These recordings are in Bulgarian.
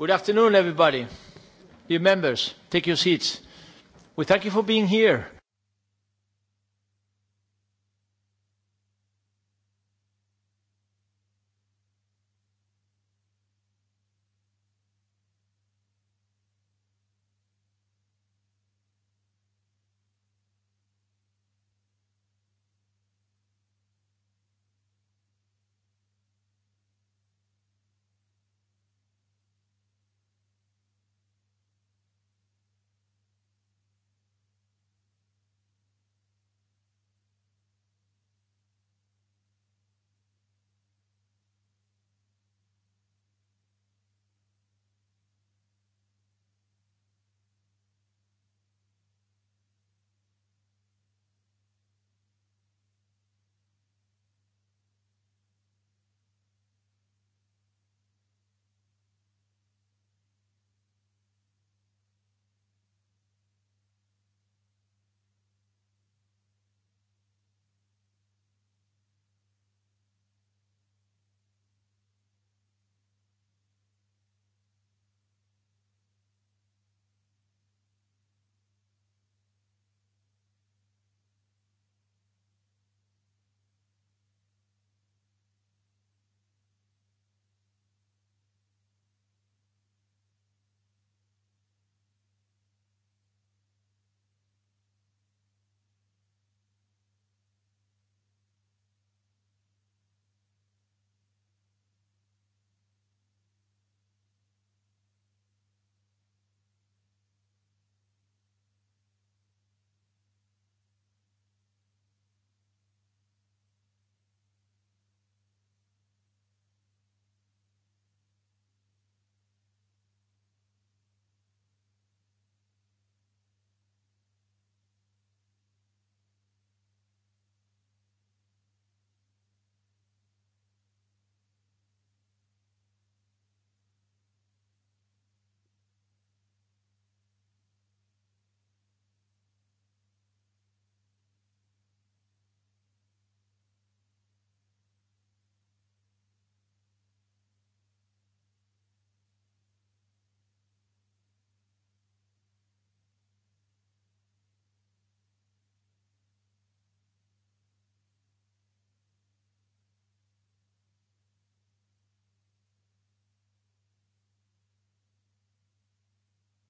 Good afternoon, everybody. Dear members, take your seats. We thank you for being here.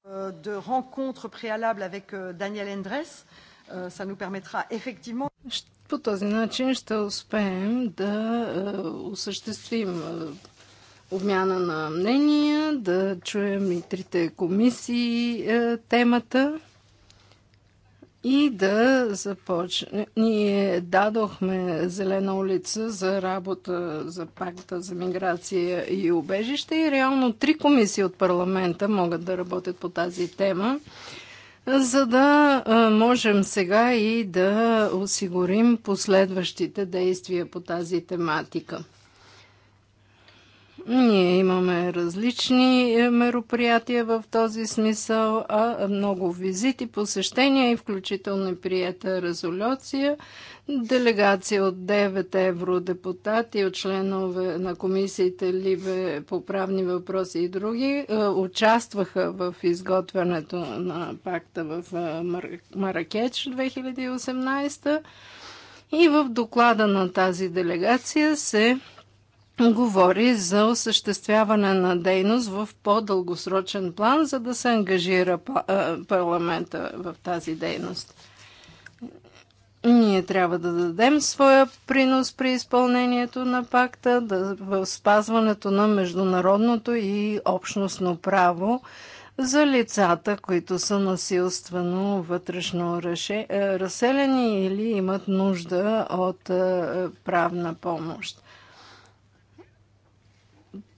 Euh, de rencontre préalable avec euh, Daniel Endres. Euh, ça nous permettra effectivement... По този начин ще успеем да э, осъществим э, обмяна на мнения, да чуем и трите комисии э, темата и да започне. Ние дадохме зелена улица за работа за пакта за миграция и убежище и реално три комисии от парламента могат да работят по тази тема, за да можем сега и да осигурим последващите действия по тази тематика. Ние имаме различни е, мероприятия в този смисъл, а много визити, посещения и включително приета резолюция. Делегация от 9 евродепутати, от членове на комисиите Либе по правни въпроси и други е, участваха в изготвянето на пакта в е, Маракеч 2018 и в доклада на тази делегация се говори за осъществяване на дейност в по-дългосрочен план, за да се ангажира парламента в тази дейност. Ние трябва да дадем своя принос при изпълнението на пакта, да, в спазването на международното и общностно право за лицата, които са насилствено вътрешно разселени или имат нужда от правна помощ.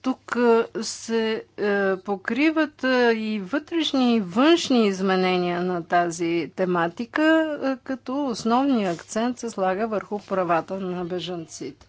Тук е, се е, покриват е, и вътрешни и външни изменения на тази тематика, като основния акцент се слага върху правата на бежанците.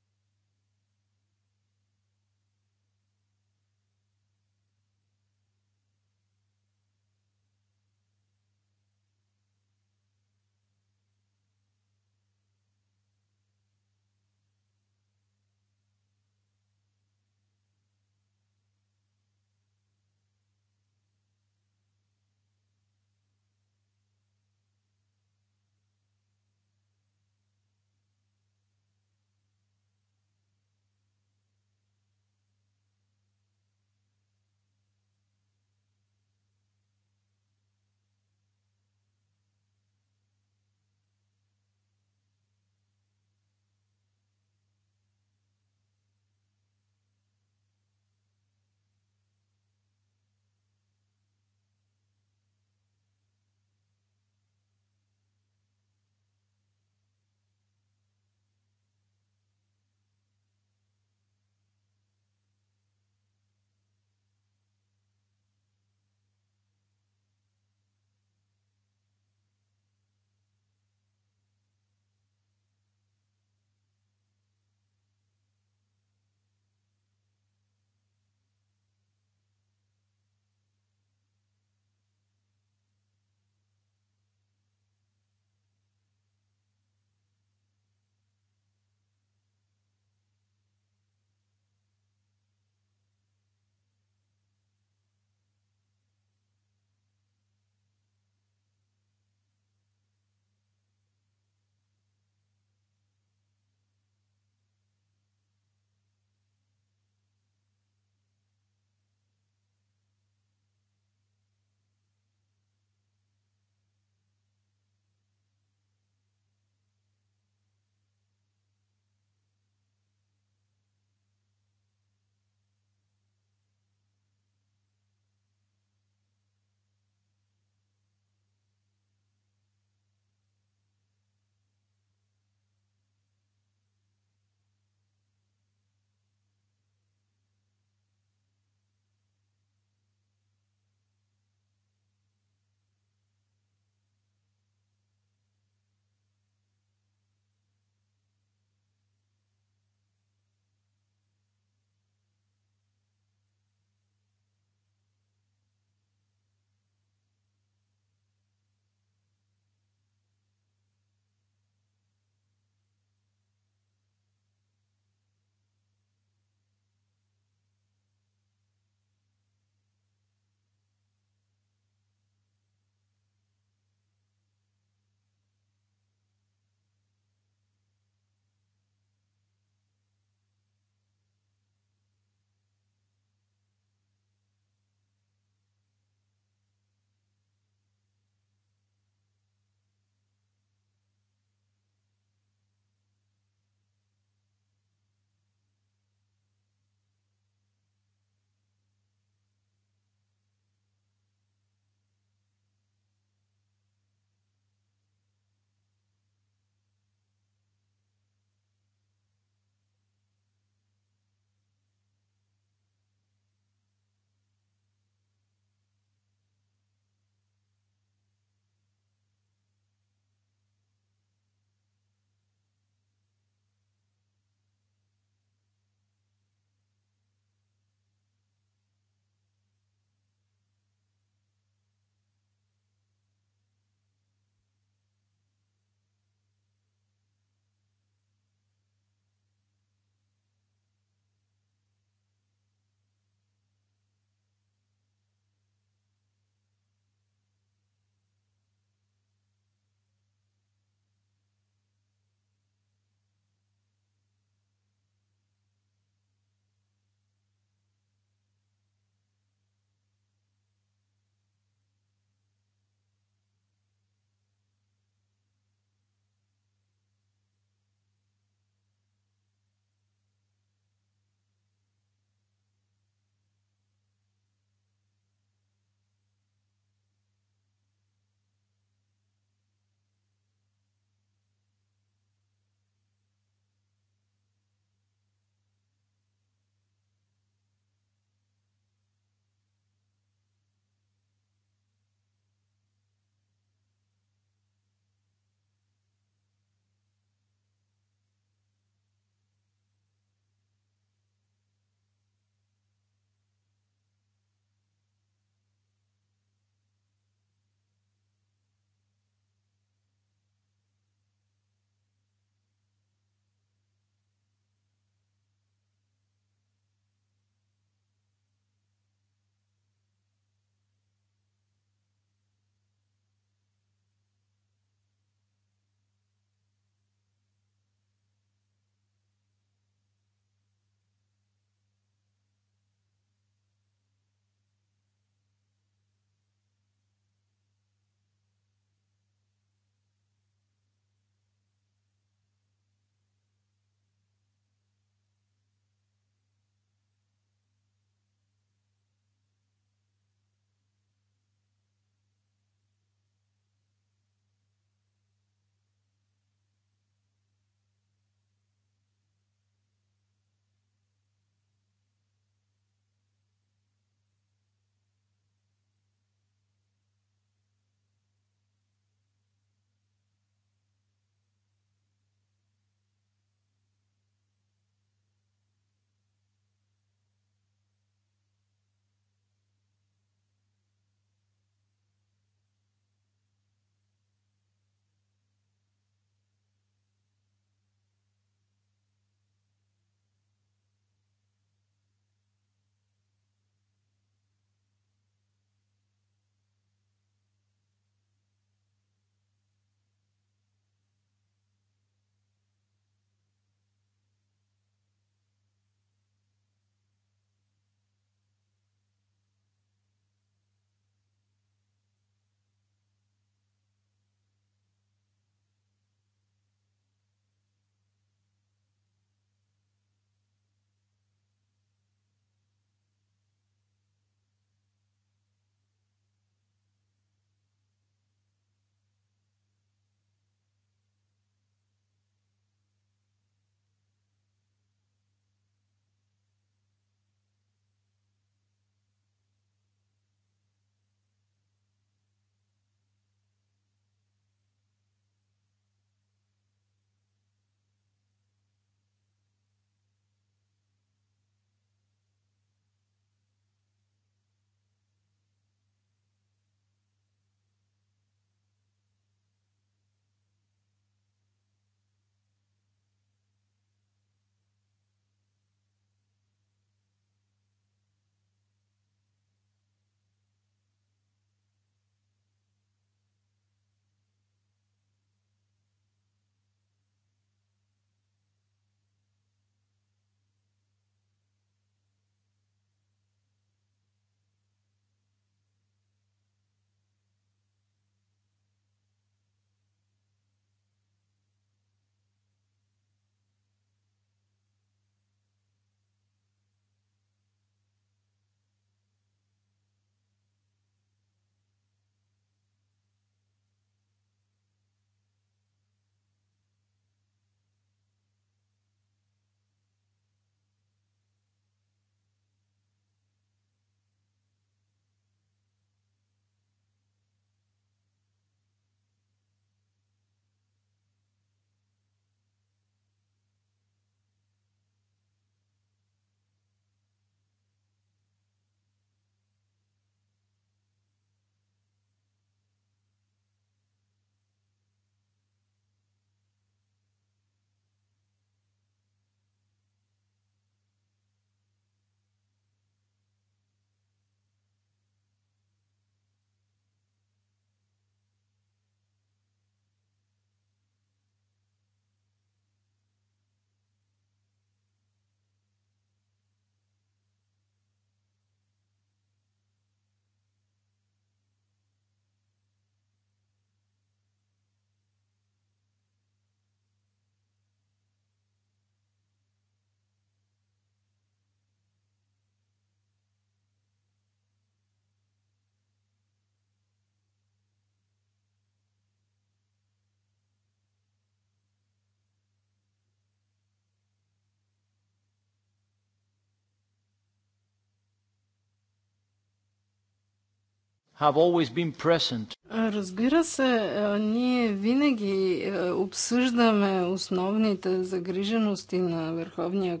have always been present. Разбира се, ние винаги обсъждаме основните загрижености на Върховния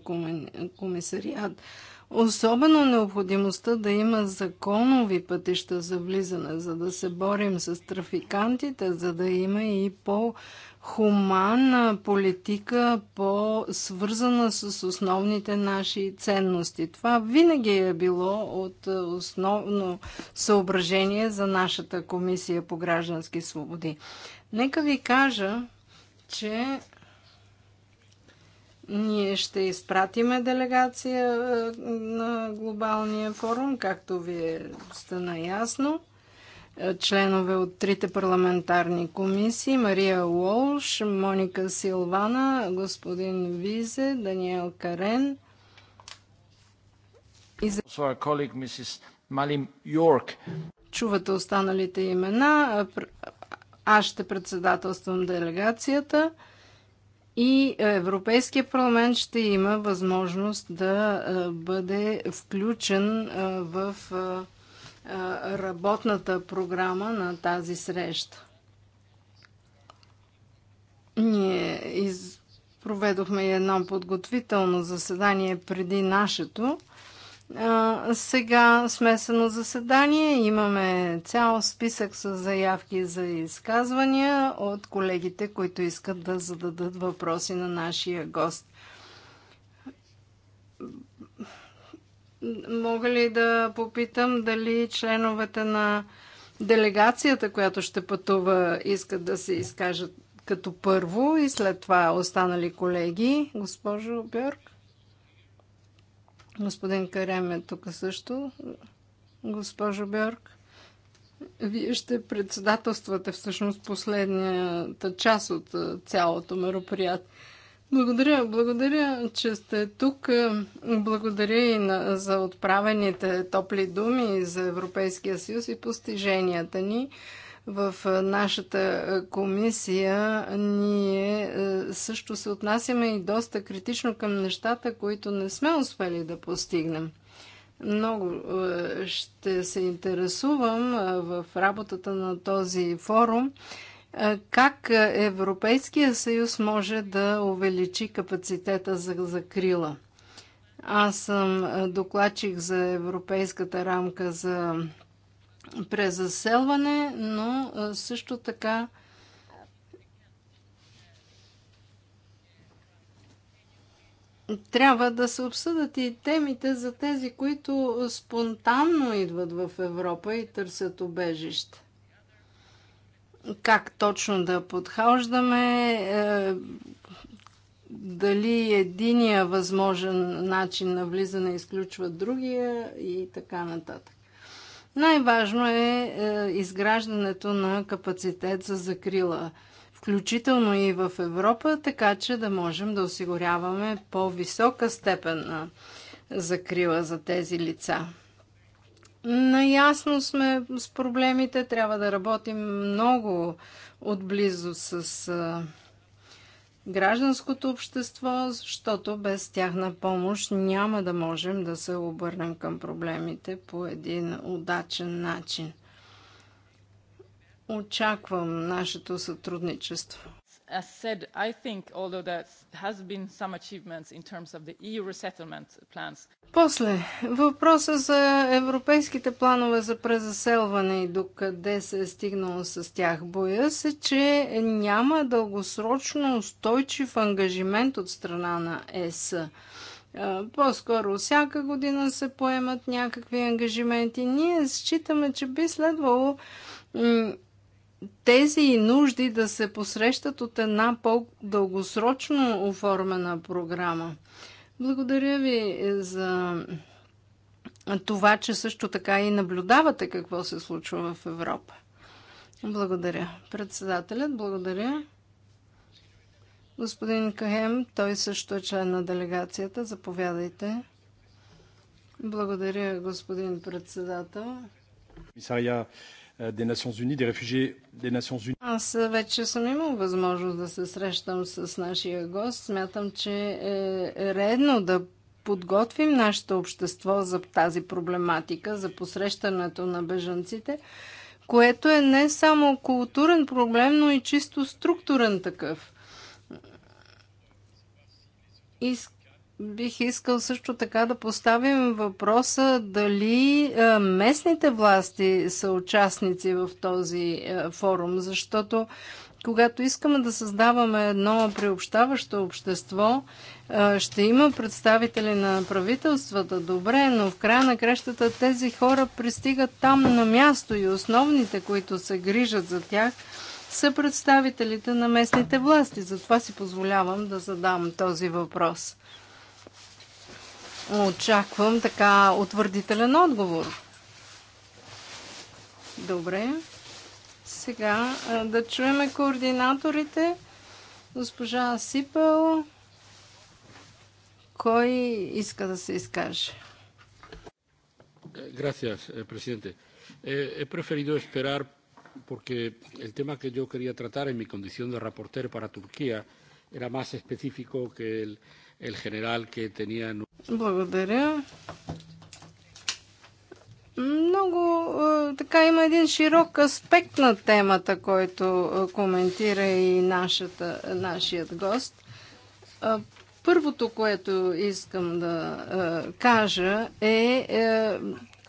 комисариат Особено необходимостта да има законови пътища за влизане, за да се борим с трафикантите, за да има и по-хуманна политика, по-свързана с основните наши ценности. Това винаги е било от основно съображение за нашата комисия по граждански свободи. Нека ви кажа, че ние ще изпратиме делегация е, на глобалния форум, както вие стана ясно, е, Членове от трите парламентарни комисии Мария Уолш, Моника Силвана, господин Визе, Даниел Карен и за... Малим Йорк. Чувате останалите имена. Е, аз ще председателствам делегацията и Европейския парламент ще има възможност да бъде включен в работната програма на тази среща. Ние из... проведохме едно подготвително заседание преди нашето сега смесено заседание. Имаме цял списък с заявки за изказвания от колегите, които искат да зададат въпроси на нашия гост. Мога ли да попитам дали членовете на делегацията, която ще пътува, искат да се изкажат като първо и след това останали колеги? Госпожо Бьорк? Господин Карем е тук също. Госпожо Бьорк, вие ще председателствате всъщност последнията част от цялото мероприятие. Благодаря, благодаря, че сте тук. Благодаря и на, за отправените топли думи за Европейския съюз и постиженията ни в нашата комисия ние също се отнасяме и доста критично към нещата, които не сме успели да постигнем. Много ще се интересувам в работата на този форум как Европейския съюз може да увеличи капацитета за закрила. Аз съм докладчик за Европейската рамка за презаселване, но също така трябва да се обсъдат и темите за тези, които спонтанно идват в Европа и търсят убежище. Как точно да подхождаме, е, дали единия възможен начин на влизане изключва другия и така нататък. Най-важно е, е изграждането на капацитет за закрила, включително и в Европа, така че да можем да осигуряваме по-висока степен на закрила за тези лица. Наясно сме с проблемите, трябва да работим много отблизо с е, гражданското общество, защото без тяхна помощ няма да можем да се обърнем към проблемите по един удачен начин. Очаквам нашето сътрудничество as said, I think, although there has been some achievements in terms of the EU resettlement plans. После, въпроса за европейските планове за презаселване и докъде се е стигнало с тях. Боя се, че няма дългосрочно устойчив ангажимент от страна на ЕС. По-скоро всяка година се поемат някакви ангажименти. Ние считаме, че би следвало тези нужди да се посрещат от една по-дългосрочно оформена програма. Благодаря ви за това, че също така и наблюдавате какво се случва в Европа. Благодаря. Председателят, благодаря. Господин Кахем, той също е член на делегацията. Заповядайте. Благодаря, господин председател. Е, des Nations Unies, des réfugiés des Nations Unies. Аз вече съм имал възможност да се срещам с нашия гост. Смятам, че е редно да подготвим нашето общество за тази проблематика, за посрещането на бежанците, което е не само културен проблем, но и чисто структурен такъв. Искам бих искал също така да поставим въпроса дали е, местните власти са участници в този е, форум, защото когато искаме да създаваме едно приобщаващо общество, е, ще има представители на правителствата, добре, но в края на крещата, тези хора пристигат там на място и основните, които се грижат за тях, са представителите на местните власти. Затова си позволявам да задам този въпрос. Очаквам така утвърдителен отговор. Добре. Сега да чуем координаторите. Госпожа Сипел, кой иска да се изкаже? Gracias, presidente. He preferido esperar porque el tema que yo quería tratar en mi condición de reporter para Turquía era más específico que el, благодаря. Много е, така има един широк аспект на темата, който е, коментира и нашата, нашият гост. Е, първото, което искам да кажа е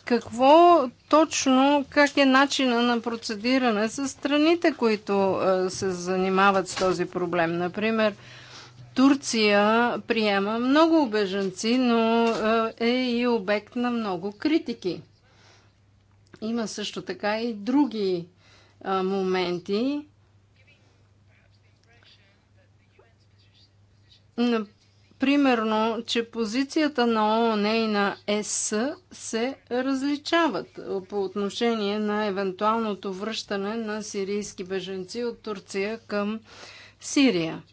какво точно, как е начина на процедиране с страните, които се занимават с този проблем. Например, Турция приема много беженци, но е, е и обект на много критики. Има също така и други моменти. Примерно, че позицията на ООН и на ЕС се различават по отношение на евентуалното връщане на сирийски беженци от Турция към Сирия.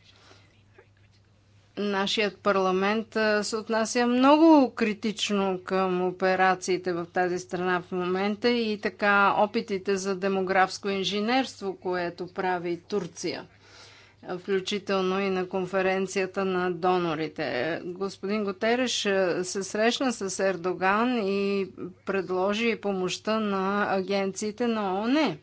Нашият парламент се отнася много критично към операциите в тази страна в момента и така опитите за демографско инженерство, което прави Турция, включително и на конференцията на донорите. Господин Готереш се срещна с Ердоган и предложи помощта на агенциите на ОНЕ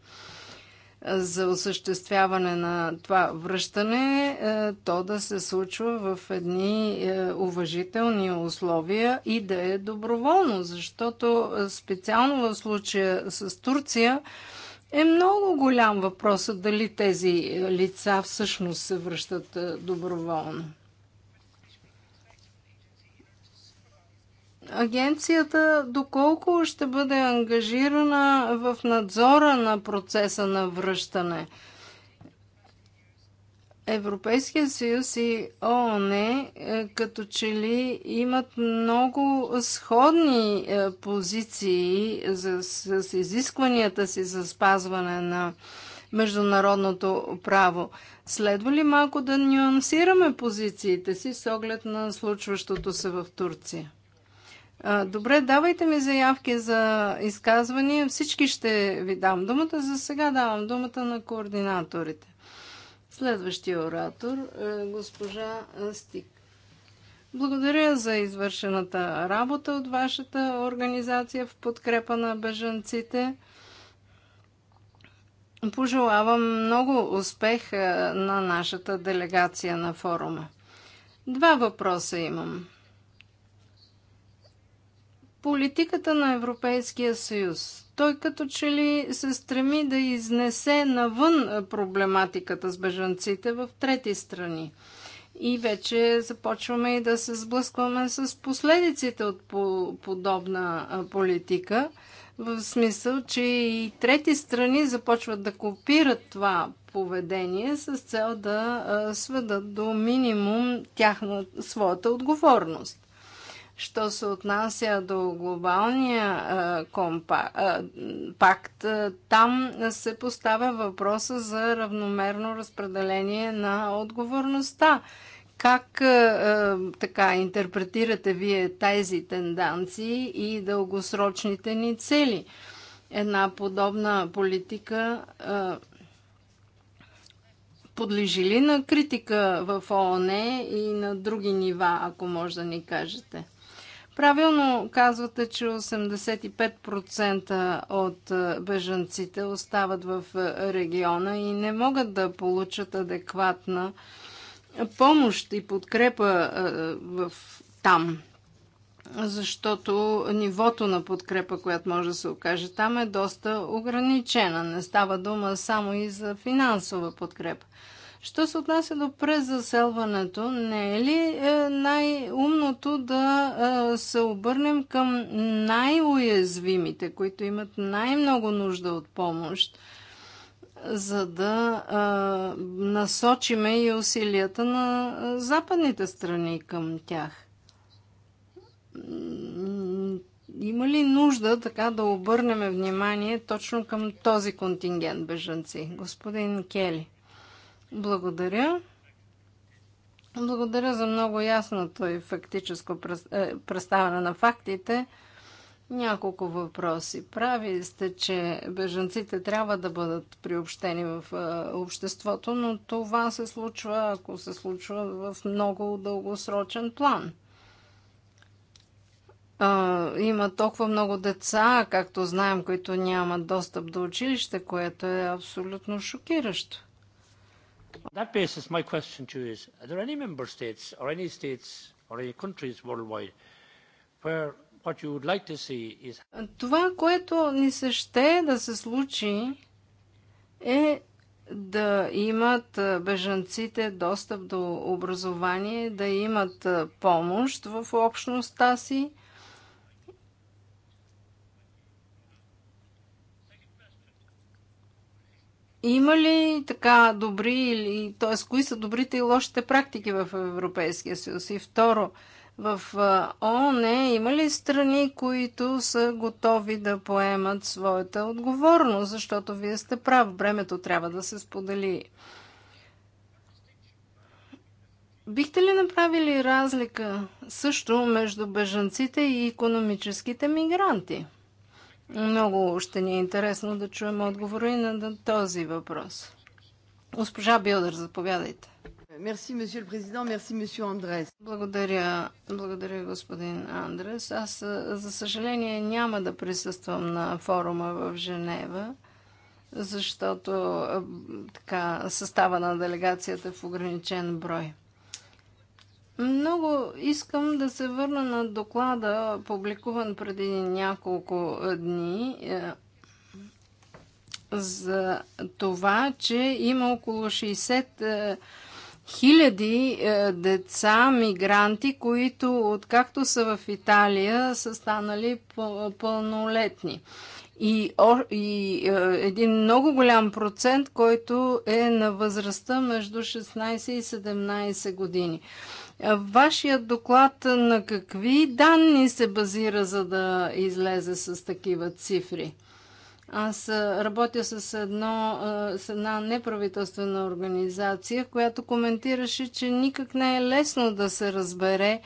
за осъществяване на това връщане, е, то да се случва в едни е, уважителни условия и да е доброволно, защото е, специално в случая с Турция е много голям въпрос дали тези лица всъщност се връщат доброволно. агенцията доколко ще бъде ангажирана в надзора на процеса на връщане? Европейския съюз и ООН е, като че ли имат много сходни е, позиции с, изискванията си за спазване на международното право. Следва ли малко да нюансираме позициите си с оглед на случващото се в Турция? Добре, давайте ми заявки за изказвания. Всички ще ви дам думата. За сега давам думата на координаторите. Следващия оратор, е госпожа Стик. Благодаря за извършената работа от вашата организация в подкрепа на бежанците. Пожелавам много успех е, на нашата делегация на форума. Два въпроса имам политиката на Европейския съюз. Той като че ли се стреми да изнесе навън проблематиката с бежанците в трети страни. И вече започваме и да се сблъскваме с последиците от по подобна политика, в смисъл, че и трети страни започват да копират това поведение с цел да сведат до минимум тяхна своята отговорност. Що се отнася до глобалния компа, пакт, там се поставя въпроса за равномерно разпределение на отговорността. Как така интерпретирате вие тези тенденции и дългосрочните ни цели? Една подобна политика подлежи ли на критика в ООН и на други нива, ако може да ни кажете? Правилно казвате, че 85% от е, бежанците остават в е, региона и не могат да получат адекватна помощ и подкрепа е, в там. Защото нивото на подкрепа, която може да се окаже там, е доста ограничена. Не става дума само и за финансова подкрепа. Що се отнася до презаселването, не е ли е, най-умното да е, се обърнем към най-уязвимите, които имат най-много нужда от помощ, за да е, насочиме и усилията на западните страни към тях? има ли нужда така да обърнем внимание точно към този контингент бежанци? Господин Кели. Благодаря. Благодаря за много ясното и фактическо е, представяне на фактите. Няколко въпроси. Прави сте, че бежанците трябва да бъдат приобщени в е, обществото, но това се случва, ако се случва в много дългосрочен план. Е, има толкова много деца, както знаем, които нямат достъп до училище, което е абсолютно шокиращо. On that basis, my question to you is, are there any member states or any states or any countries worldwide where what you would like to see is... Това, което ни се ще да се случи е да имат бежанците достъп до образование, да имат помощ в общността си, Има ли така добри или, т.е. кои са добрите и лошите практики в Европейския съюз? И второ, в ООН е, има ли страни, които са готови да поемат своята отговорност? Защото вие сте прав, времето трябва да се сподели. Бихте ли направили разлика също между бежанците и економическите мигранти? Много ще ни е интересно да чуем отговори на този въпрос. Госпожа Билдър, заповядайте. Мерси, месье президент, мерси, месье Андрес. Благодаря, благодаря, господин Андрес. Аз, за съжаление, няма да присъствам на форума в Женева, защото така, състава на делегацията е в ограничен брой. Много искам да се върна на доклада, публикуван преди няколко е, дни, е, за това, че има около 60 е, хиляди деца, мигранти, които откакто са в Италия са станали пълнолетни. И, и един много голям процент, който е на възрастта между 16 и 17 години. Вашият доклад на какви данни се базира, за да излезе с такива цифри? Аз работя с, едно, с една неправителствена организация, която коментираше, че никак не е лесно да се разбере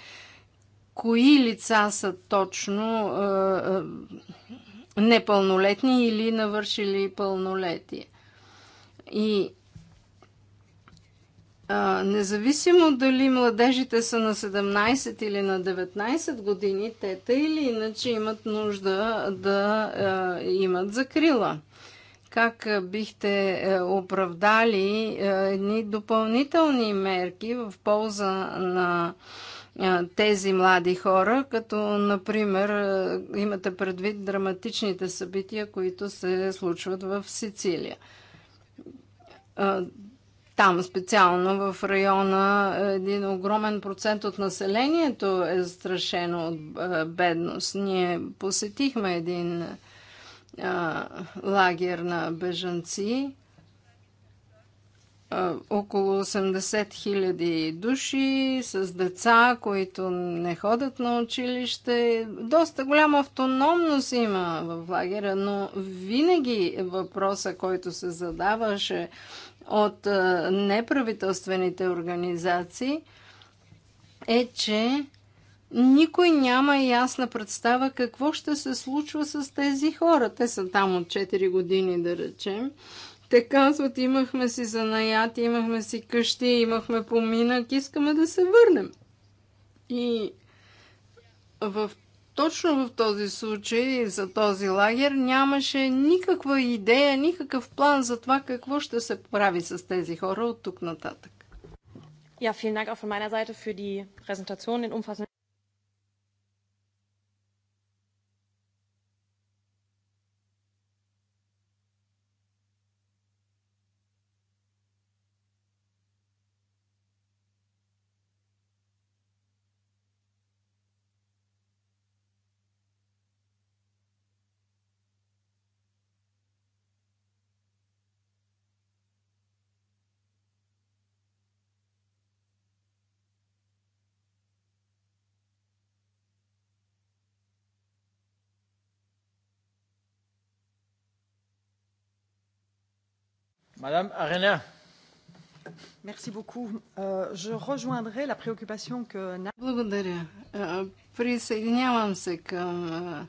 кои лица са точно непълнолетни или навършили пълнолетие. И независимо дали младежите са на 17 или на 19 години, те или иначе имат нужда да а, имат закрила. Как бихте оправдали едни допълнителни мерки в полза на тези млади хора, като, например, имате предвид драматичните събития, които се случват в Сицилия? Там специално в района един огромен процент от населението е застрашено от бедност. Ние посетихме един а, лагер на бежанци. около 80 хиляди души с деца, които не ходят на училище. Доста голяма автономност има в лагера, но винаги въпроса, който се задаваше от неправителствените организации е, че никой няма ясна представа какво ще се случва с тези хора. Те са там от 4 години, да речем. Те казват, имахме си занаяти, имахме си къщи, имахме поминък, искаме да се върнем. И в точно в този случай, за този лагер, нямаше никаква идея, никакъв план за това какво ще се прави с тези хора от тук нататък. Ja, vielen Dank auch von meiner Seite für die Präsentation, den umfassenden. Madame Arena. Merci beaucoup. Euh, je rejoindrai la préoccupation que... Благодаря. Е, присъединявам се към е,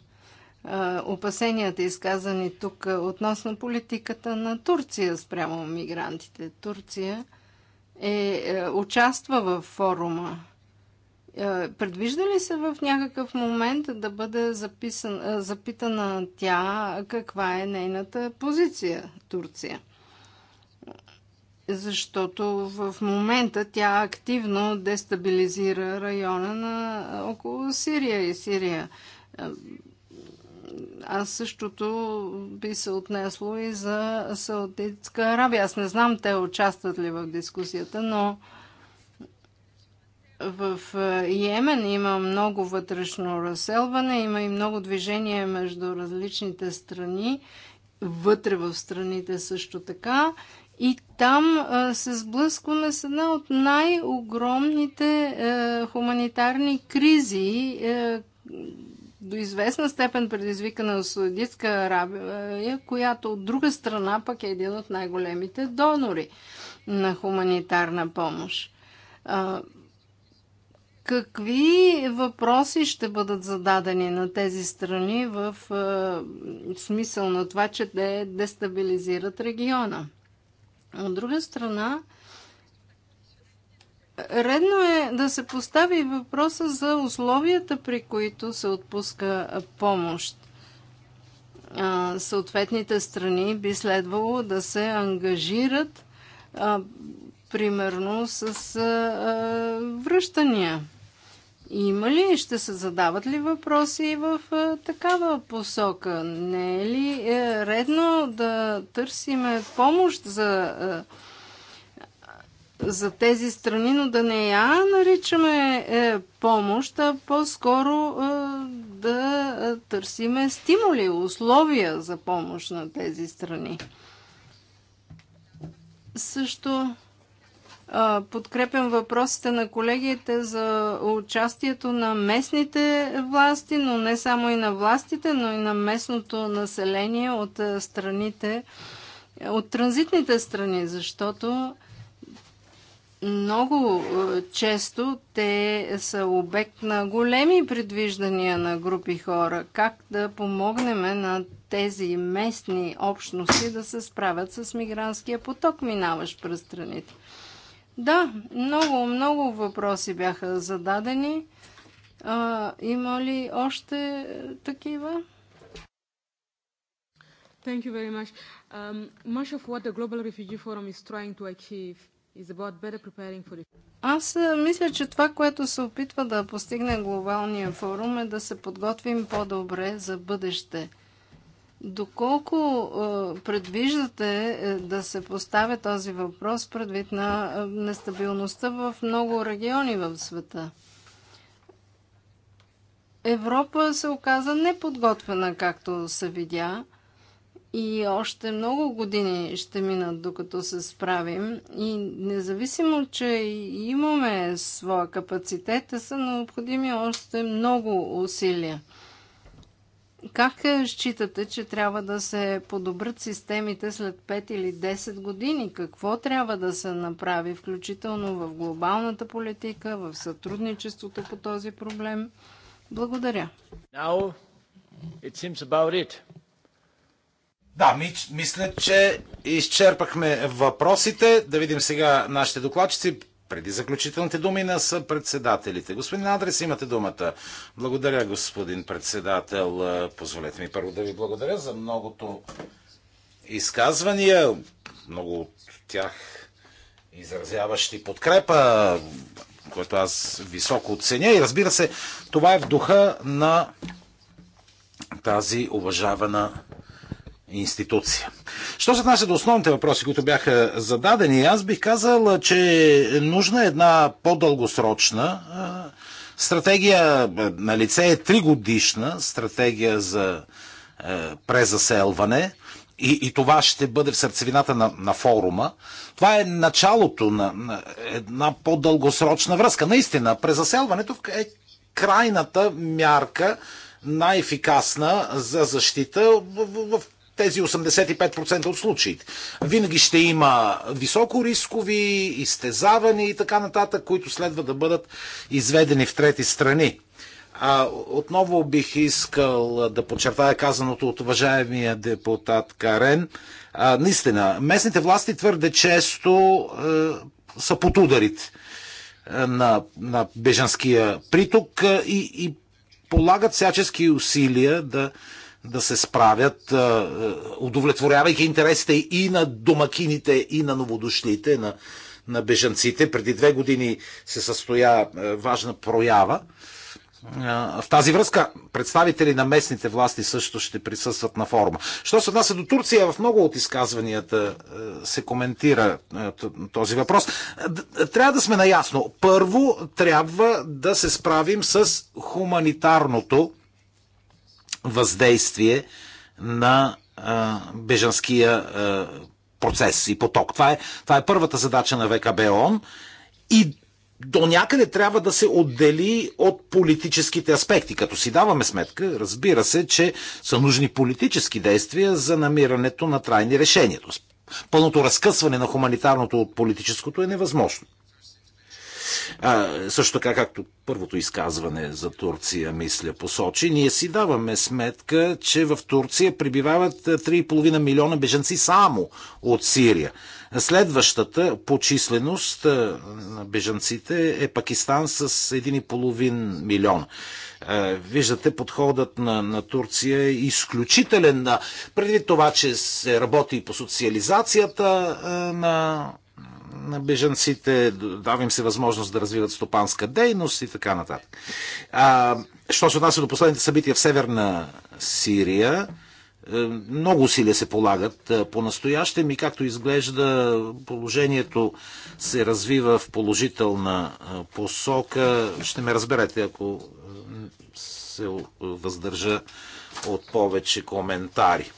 е, опасенията, изказани тук относно политиката на Турция спрямо мигрантите. Турция е, участва в форума. Предвижда ли се в някакъв момент да бъде записан, запитана тя каква е нейната позиция Турция? защото в момента тя активно дестабилизира района на около Сирия и Сирия. Аз същото би се отнесло и за Саудитска Арабия. Аз не знам те участват ли в дискусията, но в Йемен има много вътрешно разселване, има и много движение между различните страни, вътре в страните също така. И там се сблъскваме с една от най-огромните е, хуманитарни кризи, е, до известна степен предизвикана от Саудитска Арабия, която от друга страна пък е един от най-големите донори на хуманитарна помощ. Какви въпроси ще бъдат зададени на тези страни в е, смисъл на това, че те дестабилизират региона? От друга страна, редно е да се постави въпроса за условията, при които се отпуска помощ. Съответните страни би следвало да се ангажират, примерно, с връщания. Има ли, ще се задават ли въпроси в такава посока? Не е ли е редно да търсиме помощ за, за тези страни, но да не я наричаме е, помощ, а по-скоро е, да е, търсиме стимули, условия за помощ на тези страни? Също Подкрепям въпросите на колегите за участието на местните власти, но не само и на властите, но и на местното население от страните, от транзитните страни, защото много често те са обект на големи предвиждания на групи хора. Как да помогнем на тези местни общности да се справят с мигрантския поток, минаващ през страните? Да, много, много въпроси бяха зададени. А, има ли още е, такива? Thank you very much. Um, much of what the Global Refugee Forum is trying to achieve is about better preparing for Аз е, мисля, че това, което се опитва да постигне глобалния форум е да се подготвим по-добре за бъдеще Доколко предвиждате е, да се поставя този въпрос предвид на нестабилността в много региони в света? Европа се оказа неподготвена, както се видя. И още много години ще минат, докато се справим. И независимо, че имаме своя капацитет, са необходими още много усилия. Как е, считате, че трябва да се подобрят системите след 5 или 10 години? Какво трябва да се направи, включително в глобалната политика, в сътрудничеството по този проблем? Благодаря. Now, it seems about it. Да, мисля, че изчерпахме въпросите. Да видим сега нашите докладчици преди заключителните думи на съпредседателите. Господин Адрес, имате думата. Благодаря, господин председател. Позволете ми първо да ви благодаря за многото изказвания, много от тях изразяващи подкрепа, което аз високо оценя. И разбира се, това е в духа на тази уважавана институция. Що се отнася до основните въпроси, които бяха зададени, аз бих казал, че нужна е една по-дългосрочна стратегия, на лице е тригодишна стратегия за презаселване. И, и това ще бъде в сърцевината на, на форума. Това е началото на, на една по-дългосрочна връзка. Наистина, презаселването е крайната мярка, най-ефикасна за защита в, в, в тези 85% от случаите. Винаги ще има високо рискови, изтезавани и така нататък, които следва да бъдат изведени в трети страни. А, отново бих искал да подчертая казаното от уважаемия депутат Карен. А, наистина, местните власти твърде често а, е, са под ударите е, на, на бежанския приток е, и, и полагат всячески усилия да, да се справят, удовлетворявайки интересите и на домакините, и на новодошлите, на, на бежанците. Преди две години се състоя важна проява. В тази връзка представители на местните власти също ще присъстват на форума. Що се отнася до Турция, в много от изказванията се коментира този въпрос. Трябва да сме наясно. Първо трябва да се справим с хуманитарното въздействие на а, бежанския а, процес и поток. Това е, това е първата задача на ВКБ ООН и до някъде трябва да се отдели от политическите аспекти, като си даваме сметка, разбира се, че са нужни политически действия за намирането на трайни решения. Пълното разкъсване на хуманитарното от политическото е невъзможно. А, също така, както първото изказване за Турция, мисля, посочи, ние си даваме сметка, че в Турция прибивават 3,5 милиона беженци само от Сирия. Следващата по численост на бежанците е Пакистан с 1,5 милиона. Виждате, подходът на, на Турция е изключителен. Преди това, че се работи и по социализацията на на бежанците, дава им се възможност да развиват стопанска дейност и така нататък. А, що се отнася до последните събития в Северна Сирия, е, много усилия се полагат е, по-настоящем и както изглежда положението се развива в положителна е, посока. Ще ме разберете, ако се въздържа от повече коментари.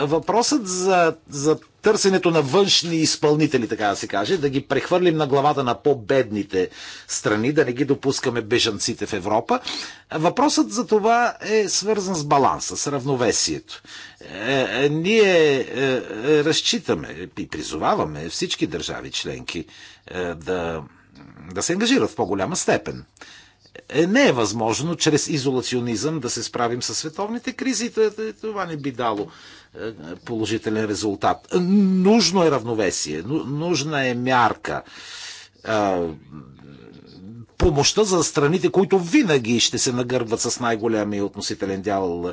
Въпросът за, за търсенето на външни изпълнители, така да се каже, да ги прехвърлим на главата на по-бедните страни, да не ги допускаме бежанците в Европа. Въпросът за това е свързан с баланса, с равновесието. Е, е, ние е, е разчитаме и призоваваме всички държави членки е, да, да се ангажират в по-голяма степен е, не е възможно чрез изолационизъм да се справим с световните кризи. Това не би дало е, положителен резултат. Нужно е равновесие, нужна е мярка. Помощта за страните, които винаги ще се нагърбват с най-голямия относителен дял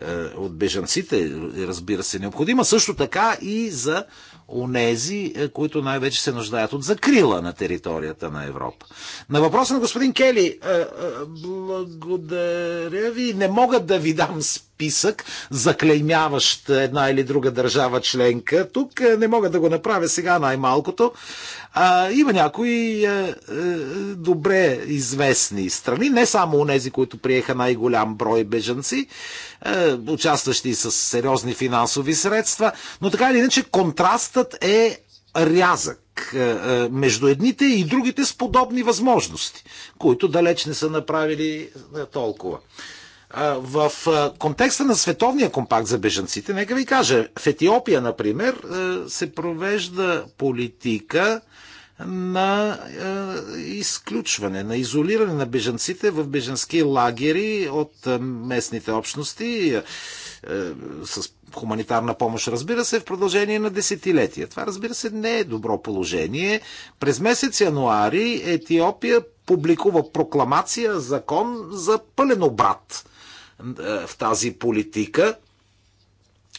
е, от бежанците, разбира се, необходима. Също така и за онези, е, които най-вече се нуждаят от закрила на територията на Европа. На въпроса на господин Кели, е, е, благодаря ви, не мога да ви дам списък, заклеймяващ една или друга държава членка. Тук не мога да го направя сега най-малкото. има някои добре известни страни, не само онези, които приеха най-голям брой бежанци, участващи с сериозни финансови средства, но така или иначе контраста Контрастът е рязък е, е, между едните и другите с подобни възможности, които далеч не са направили е, толкова. В контекста на Световния компакт за бежанците, нека ви кажа, в Етиопия, например, се провежда политика на изключване, на изолиране на бежанците в бежански лагери от местните общности с хуманитарна помощ, разбира се, в продължение на десетилетия. Това, разбира се, не е добро положение. През месец януари Етиопия публикува прокламация, закон за пълен обрат е, в тази политика,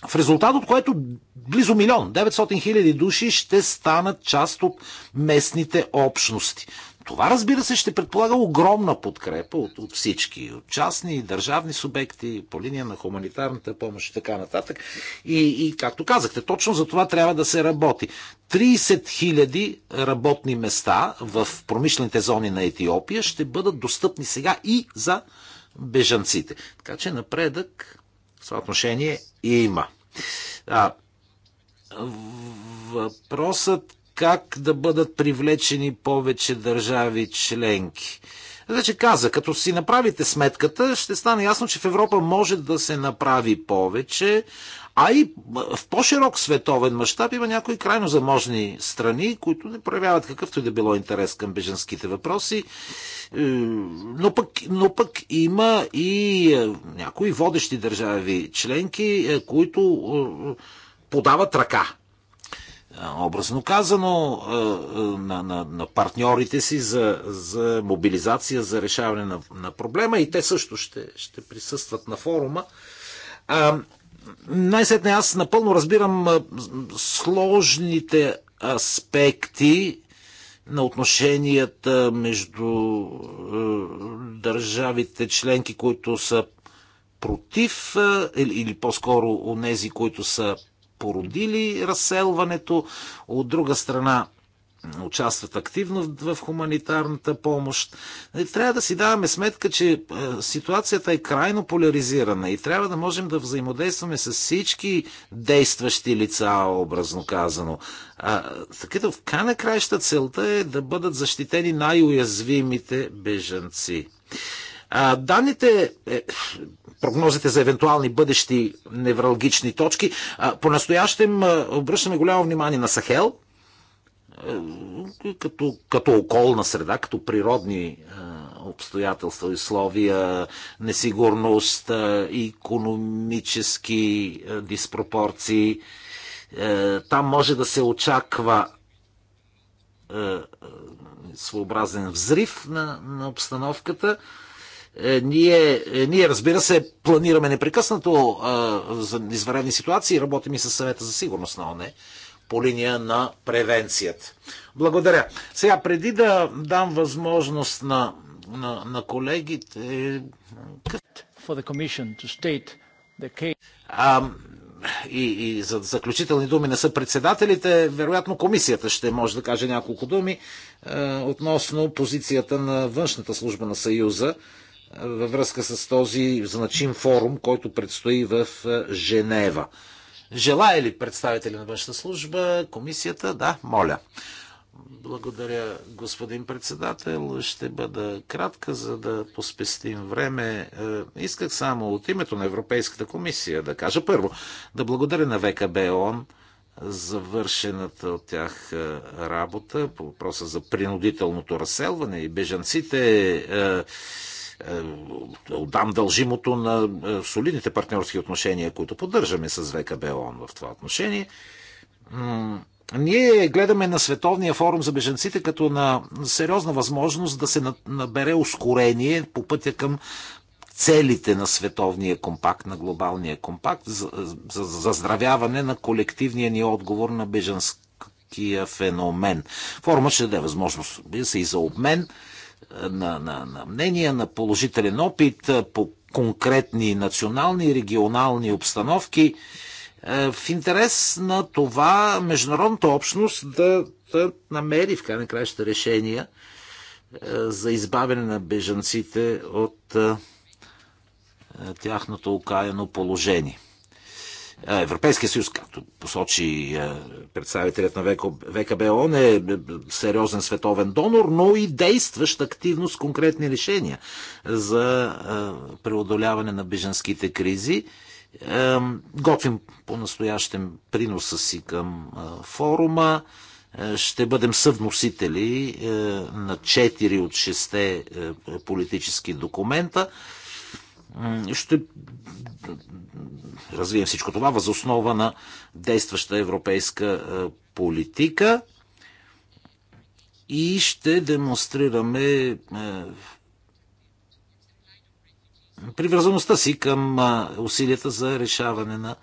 в резултат от което близо милион, 900 хиляди души ще станат част от местните общности. Това, разбира се, ще предполага огромна подкрепа от, от всички, от частни и държавни субекти, по линия на хуманитарната помощ и така нататък. И, и както казахте, точно за това трябва да се работи. 30 000 работни места в промишлените зони на Етиопия ще бъдат достъпни сега и за бежанците. Така че напредък в това отношение има. А, въпросът как да бъдат привлечени повече държави членки. Вече значи, каза, като си направите сметката, ще стане ясно, че в Европа може да се направи повече, а и в по-широк световен мащаб има някои крайно заможни страни, които не проявяват какъвто и да било интерес към беженските въпроси. Е, но пък, но пък има и е, някои водещи държави членки, е, които подават ръка образно казано, на, на, на партньорите си за, за мобилизация, за решаване на, на проблема и те също ще, ще присъстват на форума. А, най-сетне аз напълно разбирам сложните аспекти на отношенията между държавите членки, които са против или по-скоро нези, които са породили разселването, от друга страна участват активно в хуманитарната помощ. Е, трябва да си даваме сметка, че е, ситуацията е крайно поляризирана и трябва да можем да взаимодействаме с всички действащи лица, образно казано. А, така да в край на краища целта е да бъдат защитени най-уязвимите бежанци. А, данните е, прогнозите за евентуални бъдещи невралгични точки. По-настоящем обръщаме голямо внимание на Сахел, като, като околна среда, като природни обстоятелства и условия, несигурност, економически диспропорции. Там може да се очаква своеобразен взрив на, на обстановката. Е, ние, е, ние, разбира се, планираме непрекъснато е, за изварени ситуации, работим и с съвета за сигурност на ОНЕ по линия на превенцията. Благодаря. Сега, преди да дам възможност на, на, на колегите... А, и, и за заключителни думи не са председателите, вероятно комисията ще може да каже няколко думи е, относно позицията на външната служба на Съюза във връзка с този значим форум, който предстои в е, Женева. Желая ли представители на външна служба, комисията? Да, моля. Благодаря, господин председател. Ще бъда кратка, за да поспестим време. Е, исках само от името на Европейската комисия да кажа първо да благодаря на ВКБ ООН за вършената от тях е, работа по въпроса за принудителното разселване и бежанците е, отдам дължимото на е, солидните партньорски отношения, които поддържаме с ВКБ ООН в това отношение. Ние гледаме на Световния форум за беженците като на сериозна възможност да се набере ускорение по пътя към целите на световния компакт, на глобалния компакт, за, за заздравяване на колективния ни отговор на беженския феномен. Форумът ще даде възможност се и за обмен на, на, на мнения, на положителен опит по конкретни национални и регионални обстановки е, в интерес на това международната общност да, да намери в крайна краща решения е, за избавяне на бежанците от е, тяхното окаяно положение. Европейския съюз, както посочи представителят на ВКБ, он е, е сериозен световен донор, но и действащ активно с конкретни решения за преодоляване на беженските кризи. Е, готвим по-настоящем приноса си към форума. Е, ще бъдем съвносители на 4 от 6 политически документа ще развием всичко това възоснова на действаща европейска е, политика и ще демонстрираме е, привързаността си към е, усилията за решаване на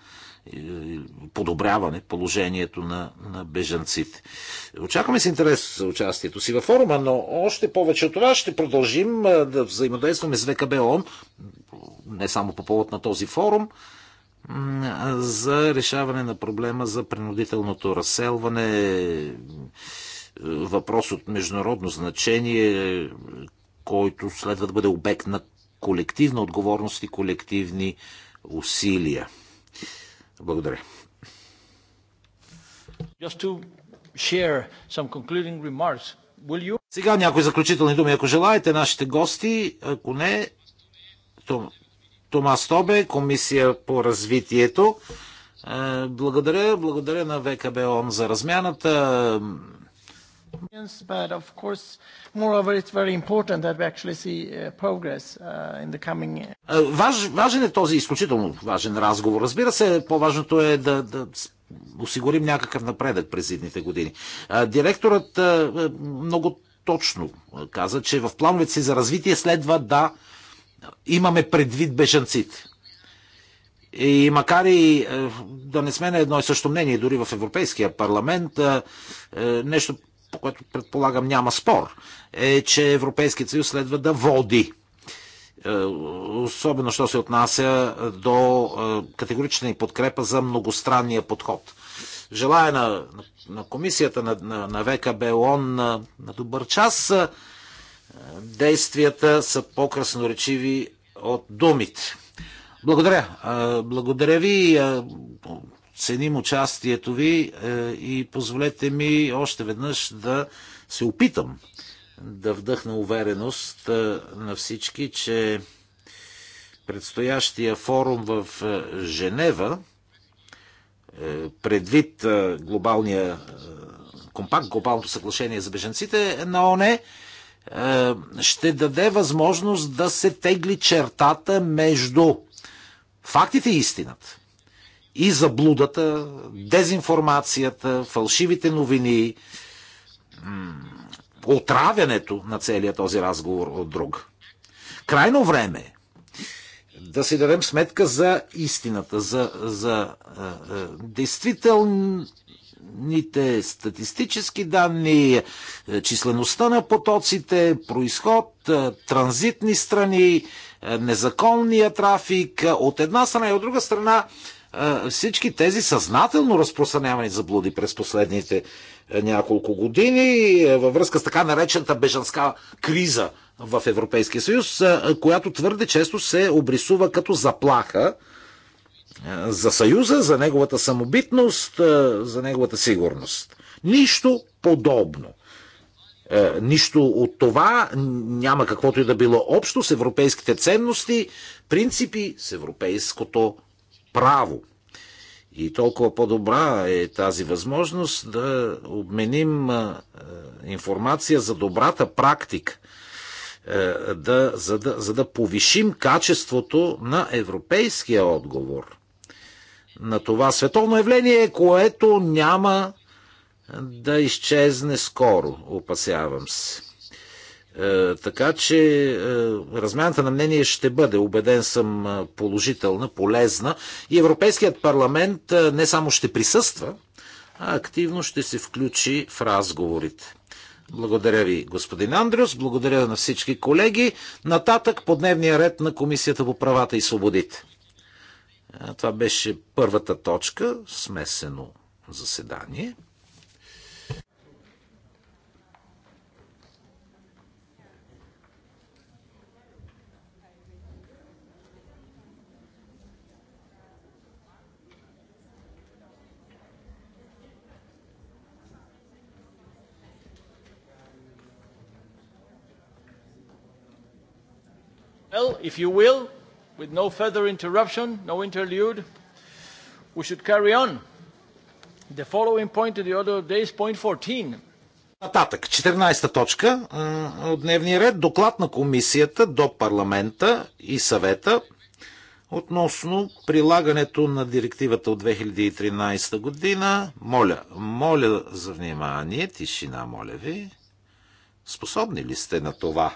подобряване положението на, на бежанците. Очакваме с интерес за участието си във форума, но още повече от това ще продължим да взаимодействаме с ВКБ ООН, не само по повод на този форум, за решаване на проблема за принудителното разселване, въпрос от международно значение, който следва да бъде обект на колективна отговорност и колективни усилия. Благодаря. You... Сега някои заключителни думи, ако желаете, нашите гости, ако не, Том... Томас Тобе, Комисия по развитието. Е, благодаря, благодаря на ВКБ ООН за размяната. But of course, moreover, it's very important that we actually see uh, progress uh, in the coming... Е, важ, важен е този изключително важен разговор. Разбира се, по-важното е да, да осигурим някакъв напредък през едните години. Е, директорът е, много точно каза, че в плановете си за развитие следва да имаме предвид бежанците. И макар и да не сме на едно и също мнение, дори в Европейския парламент, нещо по което предполагам няма спор, е, че Европейският съюз следва да води. Е, особено, що се отнася до е, категорична и подкрепа за многостранния подход. Желая на, на комисията на, на, на ВКБ ООН на, на добър час. Е, действията са по-красноречиви от думите. Благодаря. Благодаря ви ценим участието ви е, и позволете ми още веднъж да се опитам да вдъхна увереност е, на всички, че предстоящия форум в е, Женева, предвид глобалния компакт, глобалното съглашение за беженците на ОНЕ, ще даде възможност да се тегли чертата между фактите и истината и заблудата, дезинформацията, фалшивите новини, отравянето на целият този разговор от друг. Крайно време е да си дадем сметка за истината, за, за е, е, действителните статистически данни, е, числеността на потоците, происход, е, транзитни страни, е, незаконния трафик, от една страна и от друга страна е, всички тези съзнателно разпространявани заблуди през последните е, няколко години е, във връзка с така наречената бежанска криза в Европейския съюз, е, която твърде често се обрисува като заплаха за Съюза, за неговата самобитност, за неговата сигурност. Нищо подобно. Нищо от това няма каквото и да било общо с европейските ценности, принципи, с европейското право. И толкова по-добра е тази възможност да обменим е, информация за добрата практика, е, да, за, да, за да повишим качеството на европейския отговор на това световно явление, което няма да изчезне скоро, опасявам се. Е, така че е, размяната на мнение ще бъде, убеден съм, е, положителна, полезна. И Европейският парламент не само ще присъства, а активно ще се включи в разговорите. Благодаря ви, господин Андрюс. Благодаря на всички колеги. Нататък по дневния ред на Комисията по правата и свободите. Това беше първата точка, смесено заседание. Well, if you will, with no further interruption, no interlude, we should carry on. The following point of the order of day is point 14. Нататък, 14-та точка а, от дневния ред, доклад на комисията до парламента и съвета относно прилагането на директивата от 2013 година. Моля, моля за внимание, тишина, моля ви. Способни ли сте на това?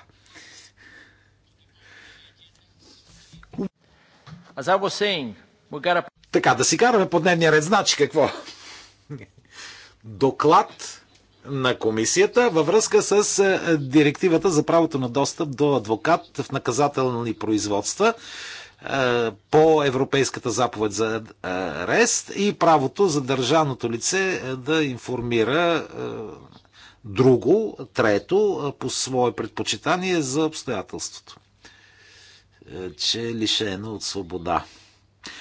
Saying, Така, да си караме по дневния ред. Значи какво? Доклад на комисията във връзка с е, директивата за правото на достъп до адвокат в наказателни производства е, по Европейската заповед за е, арест и правото за държаното лице да информира друго, трето, по свое предпочитание за обстоятелството че е лишено от свобода.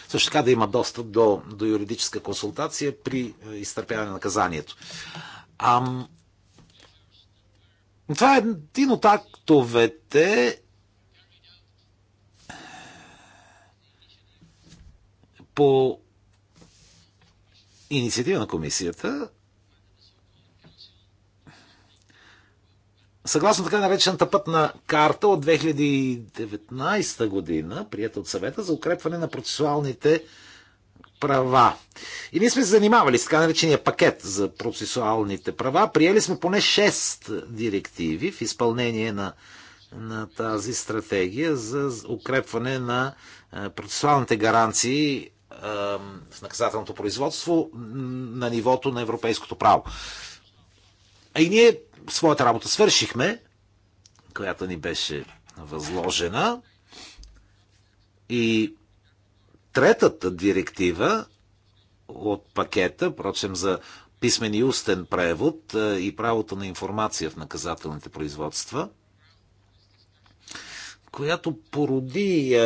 Също така да има достъп до, до юридическа консултация при е, изтърпяване на наказанието. Ам... Това е един от актовете, по инициатива на комисията, Съгласно така наречената пътна карта от 2019 година, прията от съвета за укрепване на процесуалните права. И ние сме се занимавали с така наречения пакет за процесуалните права. Приели сме поне 6 директиви в изпълнение на, на тази стратегия за укрепване на е, процесуалните гаранции е, в наказателното производство на нивото на европейското право. А и ние своята работа свършихме, която ни беше възложена. И третата директива от пакета, впрочем за писмен и устен превод и правото на информация в наказателните производства, която породи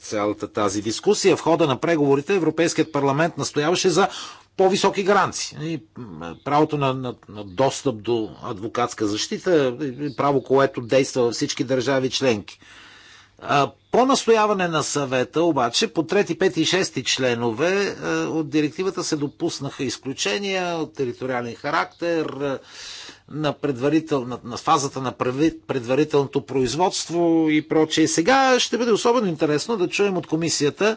цялата тази дискусия. В хода на преговорите Европейският парламент настояваше за по-високи гаранции. И правото на, на, на достъп до адвокатска защита е право, което действа във всички държави членки. По настояване на съвета, обаче, по 3, 5 и 6 членове е, от директивата се допуснаха изключения от териториален характер е, на, предварител, на, на фазата на предварителното производство и прочее. Сега ще бъде особено интересно да чуем от комисията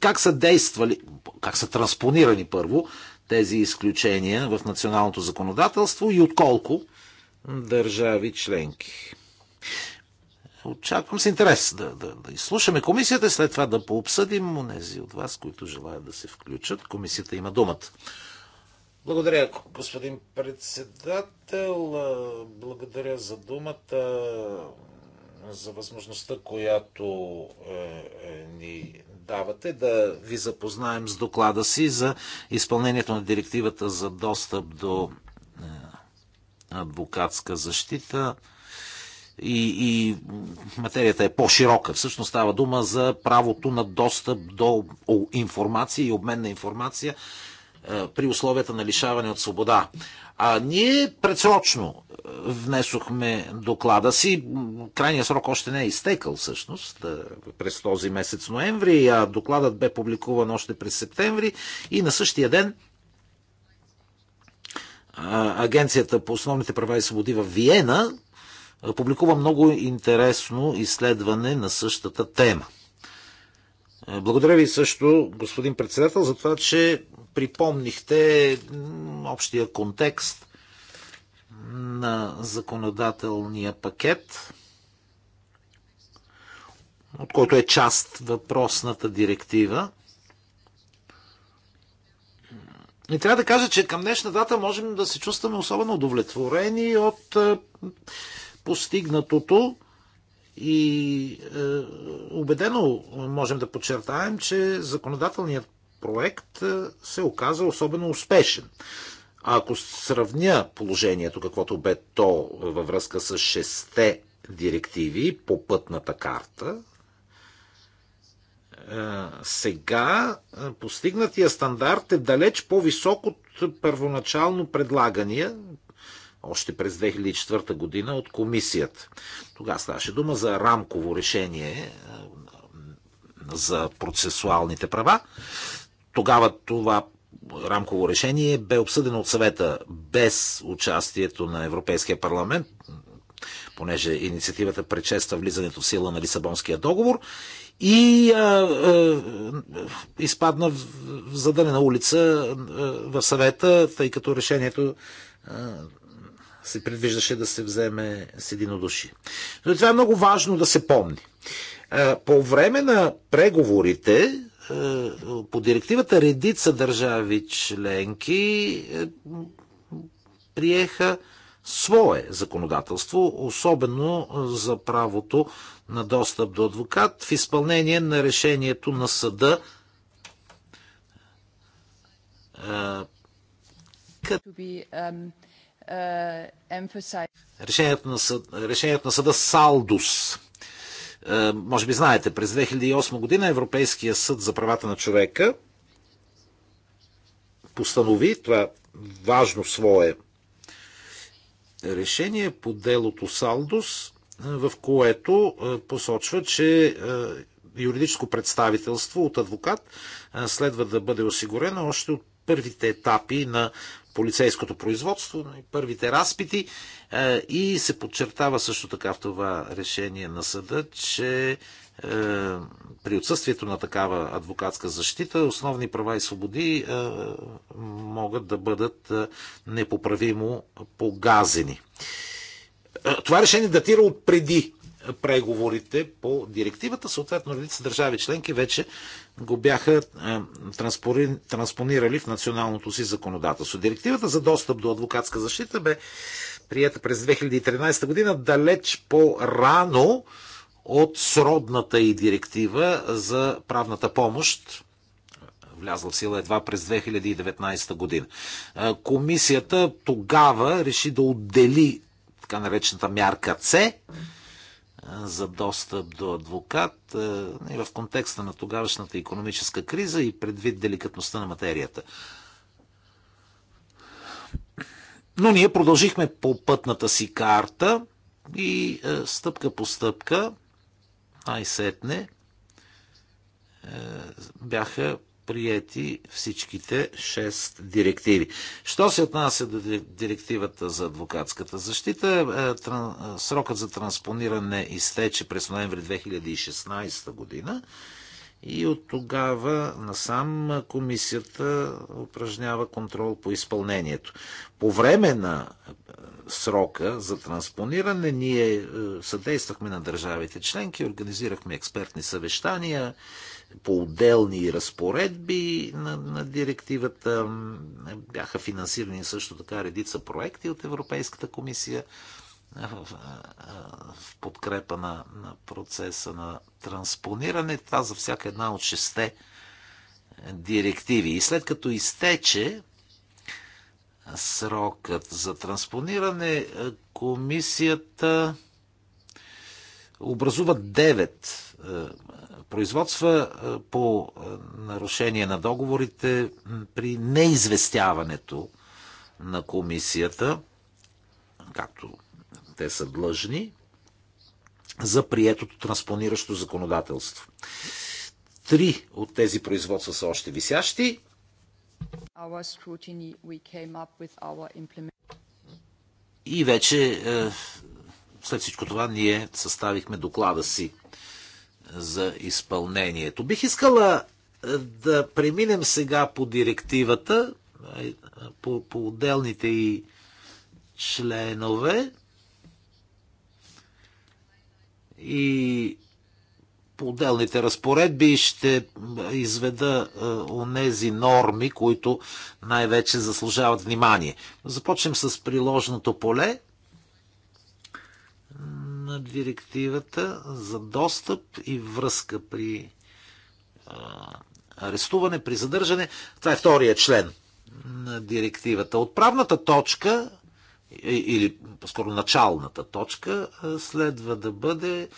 как са действали, как са транспонирани първо тези изключения в националното законодателство и отколко държави членки. Очаквам с интерес да, да, да изслушаме комисията и след това да пообсъдим онези от вас, които желаят да се включат. Комисията има думата. Благодаря, господин председател. Благодаря за думата, за възможността, която е, е, ни давате да ви запознаем с доклада си за изпълнението на директивата за достъп до е, адвокатска защита. И, и материята е по-широка. Всъщност става дума за правото на достъп до информация и обмен на информация е, при условията на лишаване от свобода. А ние предсрочно внесохме доклада си. Крайният срок още не е изтекал всъщност през този месец ноември, а докладът бе публикуван още през септември и на същия ден Агенцията по основните права и свободи в Виена публикува много интересно изследване на същата тема. Благодаря ви също, господин председател, за това, че припомнихте общия контекст на законодателния пакет, от който е част въпросната директива. И трябва да кажа, че към днешна дата можем да се чувстваме особено удовлетворени от е, постигнатото и е, убедено можем да подчертаем, че законодателният проект е, се оказа особено успешен а ако сравня положението, каквото бе то във връзка с шесте директиви по пътната карта, е, сега е, постигнатия стандарт е далеч по-висок от първоначално предлагания още през 2004 година от комисията. Тогава ставаше дума за рамково решение е, за процесуалните права. Тогава това рамково решение бе обсъдено от съвета без участието на Европейския парламент, понеже инициативата предшества влизането в сила на Лисабонския договор и а, а, изпадна в задънена улица в съвета, тъй като решението а, се предвиждаше да се вземе с единодушие. Но това е много важно да се помни. По време на преговорите е, по директивата редица държави членки е, приеха свое законодателство, особено за правото на достъп до адвокат в изпълнение на решението на съда е, um, uh, Решението на, решението на съда Салдус е, може би знаете, през 2008 година Европейския съд за правата на човека постанови това важно свое решение по делото Салдос, е, в което е, посочва, че юридическо представителство от адвокат следва да бъде осигурено още от първите етапи на полицейското производство, първите разпити е, и се подчертава също така в това решение на съда, че е, при отсъствието на такава адвокатска защита основни права и свободи е, могат да бъдат непоправимо погазени. Това решение датира от преди преговорите по директивата. Съответно, редица държави членки вече го бяха е, транспонирали в националното си законодателство. Директивата за достъп до адвокатска защита бе прията през 2013 година далеч по-рано от сродната и директива за правната помощ, влязла в сила едва през 2019 година. Е, комисията тогава реши да отдели така наречената мярка С за достъп до адвокат е, и в контекста на тогавашната економическа криза и предвид деликатността на материята. Но ние продължихме по пътната си карта и е, стъпка по стъпка, най-сетне, е, бяха прияти всичките 6 директиви. Що се отнася до директивата за адвокатската защита, е, срокът за транспониране изтече през ноември 2016 година и от тогава насам комисията упражнява контрол по изпълнението. По време на е, срока за транспониране ние е, съдействахме на държавите членки, организирахме експертни съвещания, по отделни разпоредби на, на директивата. Бяха финансирани също така редица проекти от Европейската комисия в, в подкрепа на, на процеса на транспониране. Това за всяка една от шесте директиви. И след като изтече срокът за транспониране, комисията образува 9 производства е, по е, нарушение на договорите при неизвестяването на комисията, както те са длъжни, за приетото транспониращо законодателство. Три от тези производства са още висящи. И вече е, след всичко това ние съставихме доклада си за изпълнението. Бих искала е, да преминем сега по директивата, е, по, по отделните и членове и по отделните разпоредби ще е, изведа онези норми, които най-вече заслужават внимание. Започнем с приложното поле на директивата за достъп и връзка при арестуване, при задържане. Това е втория член на директивата. Отправната точка или по-скоро началната точка следва да бъде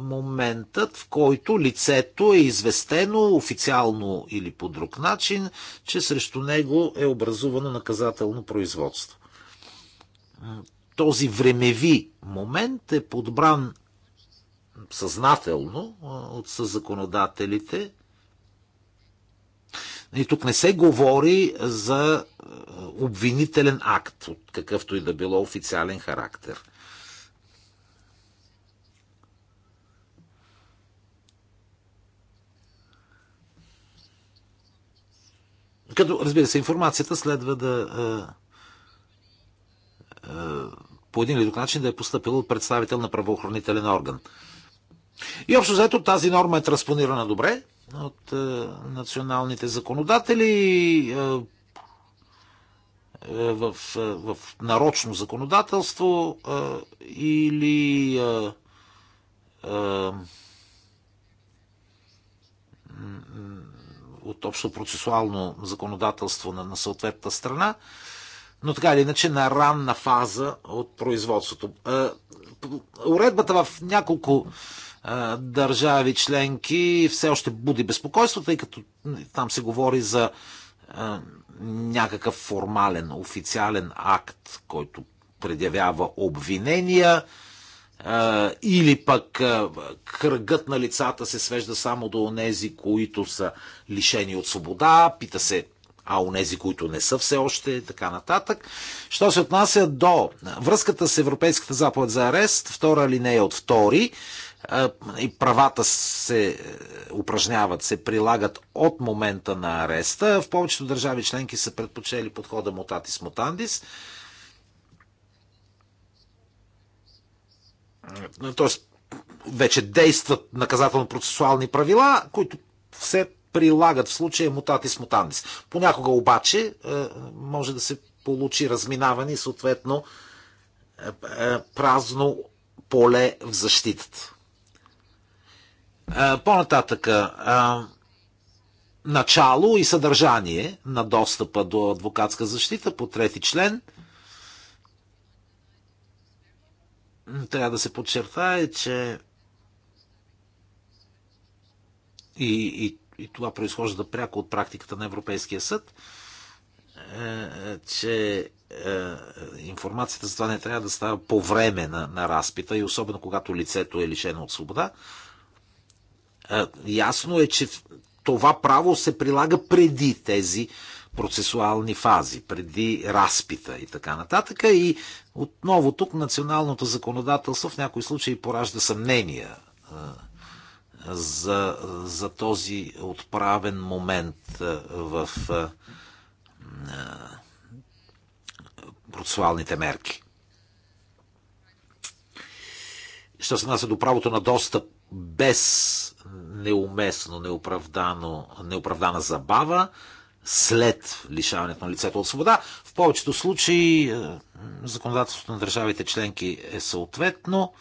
моментът, в който лицето е известено официално или по друг начин, че срещу него е образувано наказателно производство този времеви момент е подбран съзнателно от съзаконодателите. И тук не се говори за обвинителен акт, от какъвто и да било официален характер. Като, разбира се, информацията следва да по един или друг начин да е поступил представител на правоохранителен орган. И общо заето тази норма е транспонирана добре от е, националните законодатели. Е, е в, е, в нарочно законодателство е, или е, е, от общо процесуално законодателство на, на съответната страна. Е, но така или иначе на ранна фаза от производството. Уредбата в няколко държави членки все още буди безпокойство, тъй като нали, там се говори за някакъв формален, официален акт, който предявява обвинения или пък кръгът на лицата се свежда само до онези, които са лишени от свобода. Пита се а у нези, които не са все още, така нататък. Що се отнася до връзката с Европейската заповед за арест, втора линия от втори, и правата се е, упражняват, се прилагат от момента на ареста. В повечето държави членки са предпочели подхода мутатис мутандис. Е, Тоест, вече действат наказателно-процесуални правила, които все прилагат в случая мутатис мутандис. Понякога обаче е, може да се получи разминаване и съответно е, е, празно поле в защитата. по нататък начало и съдържание на достъпа до адвокатска защита по трети член трябва да се подчертае, че и, и и това произхожда пряко от практиката на Европейския съд, е, е, че е, информацията за това не трябва да става по време на, на разпита и особено когато лицето е лишено от свобода. Ясно е, че това право се прилага преди тези процесуални фази, преди разпита и така нататък. И отново тук националното законодателство в някои случаи поражда съмнения за, за този отправен момент е, в е, е, процесуалните мерки. Що се нася до правото на достъп без неуместно, неоправдано, неоправдана забава, след лишаването на лицето от свобода. В повечето случаи законодателството на държавите членки е съответно,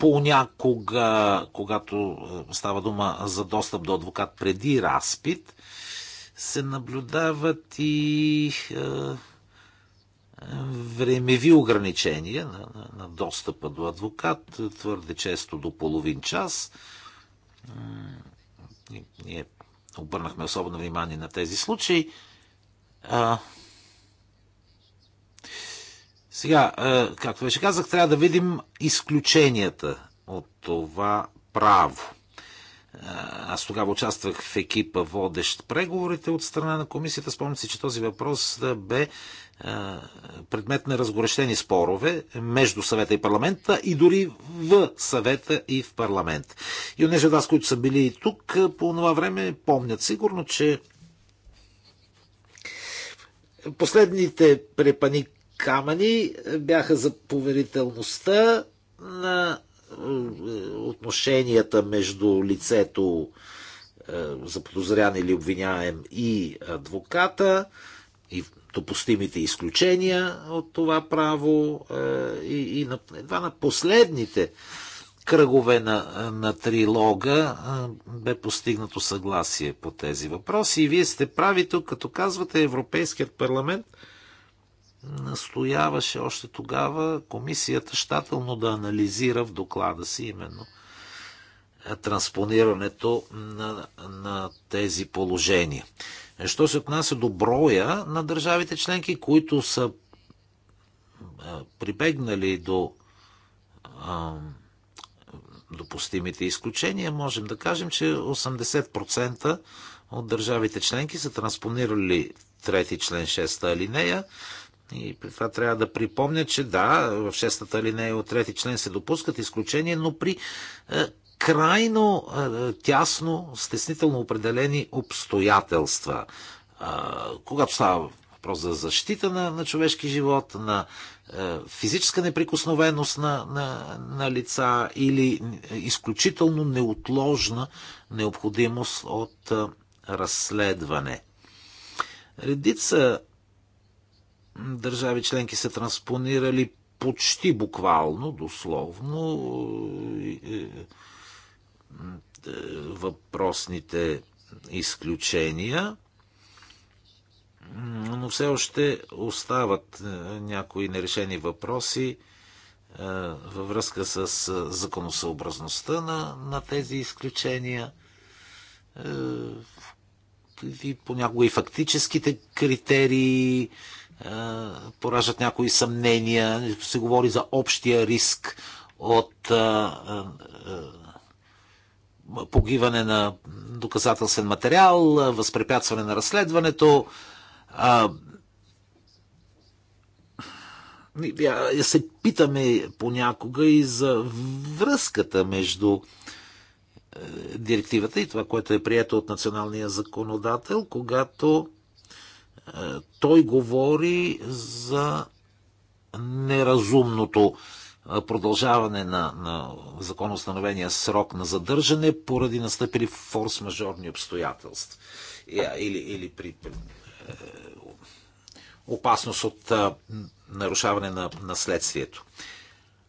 понякога, когато е, става дума за достъп до адвокат преди разпит, се наблюдават и е, времеви ограничения на, на, на достъпа до адвокат, твърде често до половин час. Ние обърнахме особено внимание на тези случаи. А, сега, е, както вече казах, трябва да видим изключенията от това право. Е, аз тогава участвах в екипа водещ преговорите от страна на комисията. Спомням си, че този въпрос да бе е, предмет на разгорещени спорове между съвета и парламента и дори в съвета и в парламент. И от от вас, които са били и тук по това време, помнят сигурно, че последните препани камъни е, бяха за поверителността на е, отношенията между лицето е, заподозрян или обвиняем и адвоката и допустимите изключения от това право и, и на, едва на последните кръгове на, на трилога бе постигнато съгласие по тези въпроси. И вие сте прави тук, като казвате Европейският парламент – настояваше още тогава комисията щателно да анализира в доклада си именно е, транспонирането на, на тези положения. Е, що се отнася до броя на държавите членки, които са е, прибегнали до а, допустимите изключения, можем да кажем, че 80% от държавите членки са транспонирали трети член 6 алинея, и при това трябва да припомня, че да, в шестата линия от трети член се допускат изключения, но при е, крайно е, тясно, стеснително определени обстоятелства. Е, когато става въпрос за защита на, на човешки живот, на е, физическа неприкосновеност на, на, на лица или е, изключително неотложна необходимост от е, разследване. Редица държави членки са транспонирали почти буквално, дословно, е, е, е, въпросните изключения, но все още остават някои нерешени въпроси във връзка с законосъобразността на, на тези изключения и понякога и фактическите критерии, е, поражат някои съмнения, се говори за общия риск от е, е, погиване на доказателствен материал, възпрепятстване на разследването. Се питаме понякога и за връзката между директивата и това, което е прието от националния законодател, когато е, той говори за неразумното е, продължаване на, на законоустановения срок на задържане поради настъпили форс-мажорни обстоятелства е, или, или при е, опасност от е, нарушаване на наследствието.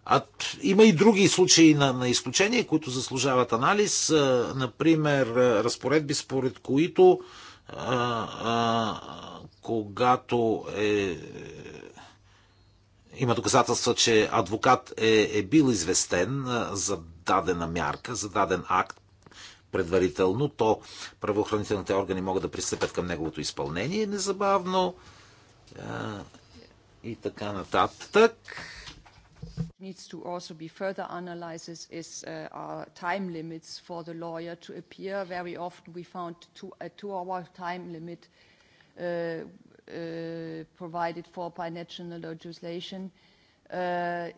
А има и други случаи на, на изключение, които заслужават анализ. Е, например, разпоредби, според които а, а, когато е, е, има доказателства, че адвокат е, е бил известен за дадена мярка, за даден акт предварително, то правоохранителните органи могат да пристъпят към неговото изпълнение незабавно е, и така нататък. Needs to also be further analysis is uh, our time limits for the lawyer to appear. Very often we found two, a two-hour time limit uh, provided for by national legislation. Uh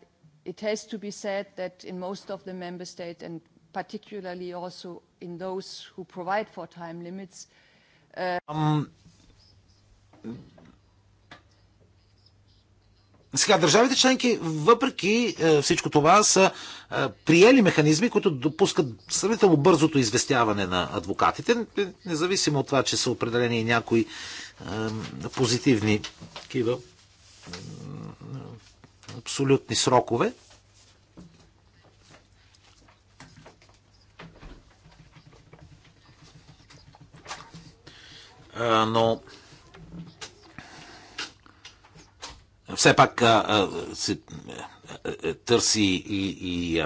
It has to be said that in most of the member states, and particularly also in those who provide for time limits, uh, сега, държавите членки, въпреки е, всичко това, са е, приели механизми, които допускат сравнително бързото известяване на адвокатите, независимо от това, че са определени и някои е, позитивни такива е, абсолютни срокове. но все пак се търси и, и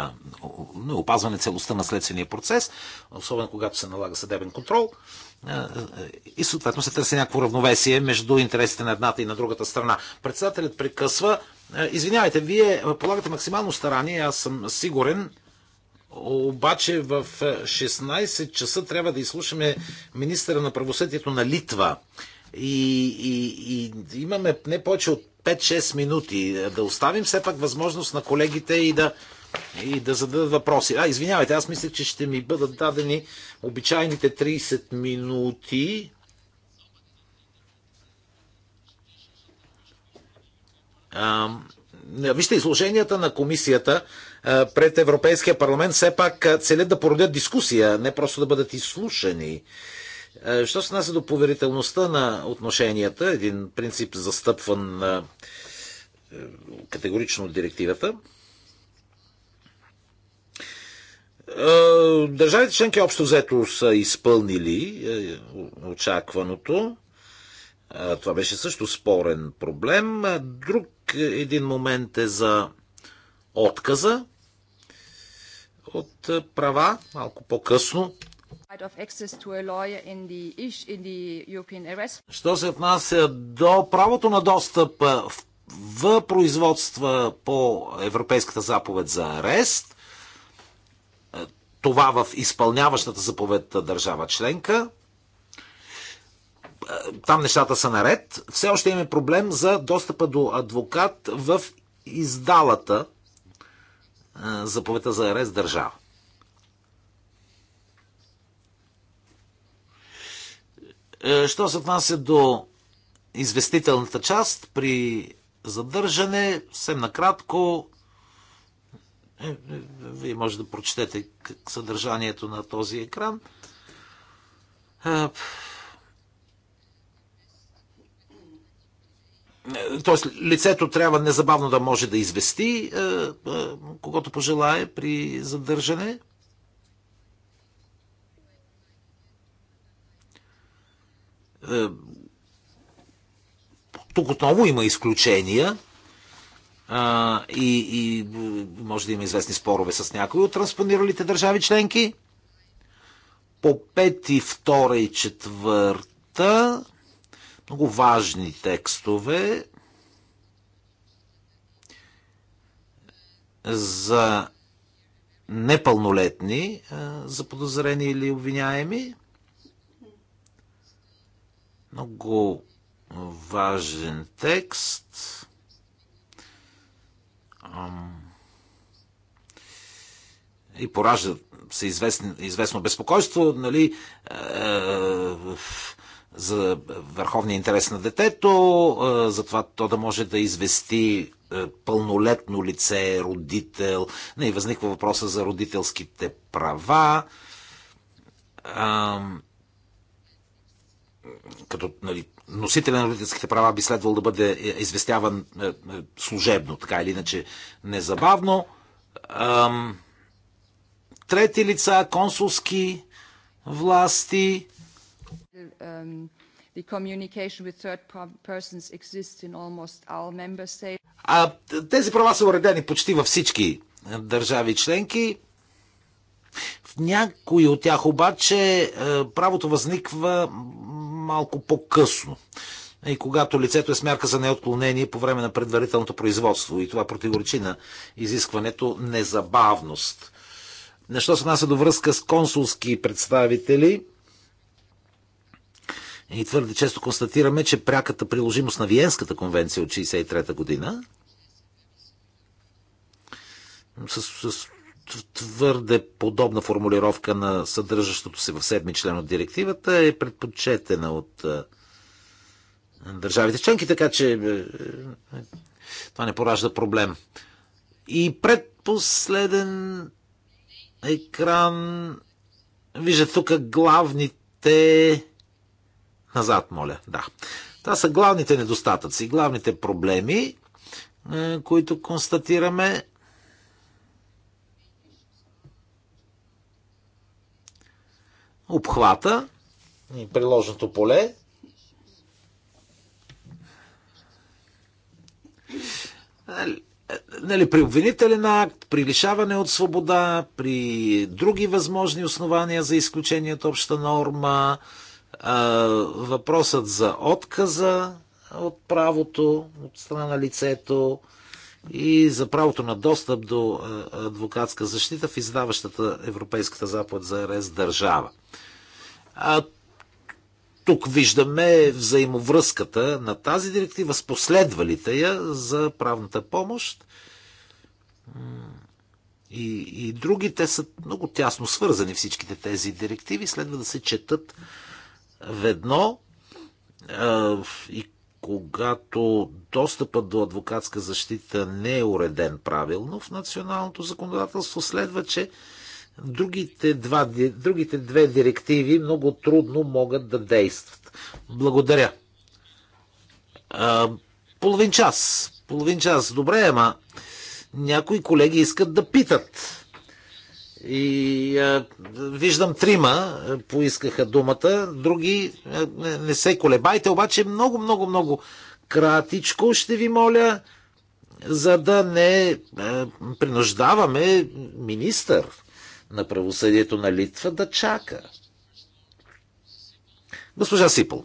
опазване целостта на следствения процес, особено когато се налага съдебен контрол и съответно се търси някакво равновесие между интересите на едната и на другата страна. Председателят прекъсва. Извинявайте, вие полагате максимално старание, аз съм сигурен, обаче в 16 часа трябва да изслушаме министъра на правосъдието на Литва. И, и, и имаме не повече от 5-6 минути да оставим все пак възможност на колегите и да, и да зададат въпроси. А, извинявайте, аз мислех, че ще ми бъдат дадени обичайните 30 минути. А, вижте, изложенията на комисията пред Европейския парламент все пак целят да породят дискусия, не просто да бъдат изслушани. Е, що се нася до поверителността на отношенията, един принцип застъпван е, е, категорично от директивата, Държавите членки общо взето са изпълнили очакваното. Това беше също спорен проблем. Друг един момент е за отказа от права, малко по-късно Що се отнася до правото на достъп в производства по Европейската заповед за арест, това в изпълняващата заповед държава членка, там нещата са наред. Все още имаме проблем за достъпа до адвокат в издалата заповедта за арест държава. Е, що се отнася до известителната част при задържане, съвсем накратко, е, е, вие може да прочетете съдържанието на този екран. Тоест, лицето трябва незабавно да може да извести, когато пожелае при задържане. Е, тук отново има изключения и, и може да има известни спорове с някои от транспониралите държави членки. По 5 и и четвърта, много важни текстове за непълнолетни, за подозрени или обвиняеми. Много важен текст. И поражда се известно, известно безпокойство, нали, е, за върховния интерес на детето, е, за това то да може да извести е, пълнолетно лице, родител. Не, възниква въпроса за родителските права като нали, носителя на родителските права би следвал да бъде е, известяван е, е, служебно, така или иначе незабавно. трети лица, консулски власти. А тези права са уредени почти във всички държави членки. В някои от тях обаче правото възниква малко по-късно. И когато лицето е с мярка за неотклонение по време на предварителното производство. И това противоречи на изискването незабавност. Нещо се нася до връзка с консулски представители, и твърде често констатираме, че пряката приложимост на Виенската конвенция от 1963 година с, с твърде подобна формулировка на съдържащото се в седми член от директивата е предпочетена от е, държавите членки, така че е, е, това не поражда проблем. И предпоследен екран. вижда тук главните. Назад, моля, да. Това са главните недостатъци, главните проблеми, които констатираме обхвата и приложното поле. Нали, при обвинителен акт, при лишаване от свобода, при други възможни основания за изключение от обща норма, въпросът за отказа от правото от страна на лицето, и за правото на достъп до е, адвокатска защита в издаващата Европейската заповед за арест държава. А тук виждаме взаимовръзката на тази директива с последвалите я за правната помощ. И, и другите те са много тясно свързани всичките тези директиви, следва да се четат ведно и когато достъпът до адвокатска защита не е уреден правилно в националното законодателство, следва, че другите, два, другите две директиви много трудно могат да действат. Благодаря. А, половин час. Половин час. Добре, ама някои колеги искат да питат. И а, виждам трима поискаха думата, други а, не се колебайте, обаче много, много, много кратичко ще ви моля, за да не а, принуждаваме министър на правосъдието на Литва да чака. Госпожа Сипол.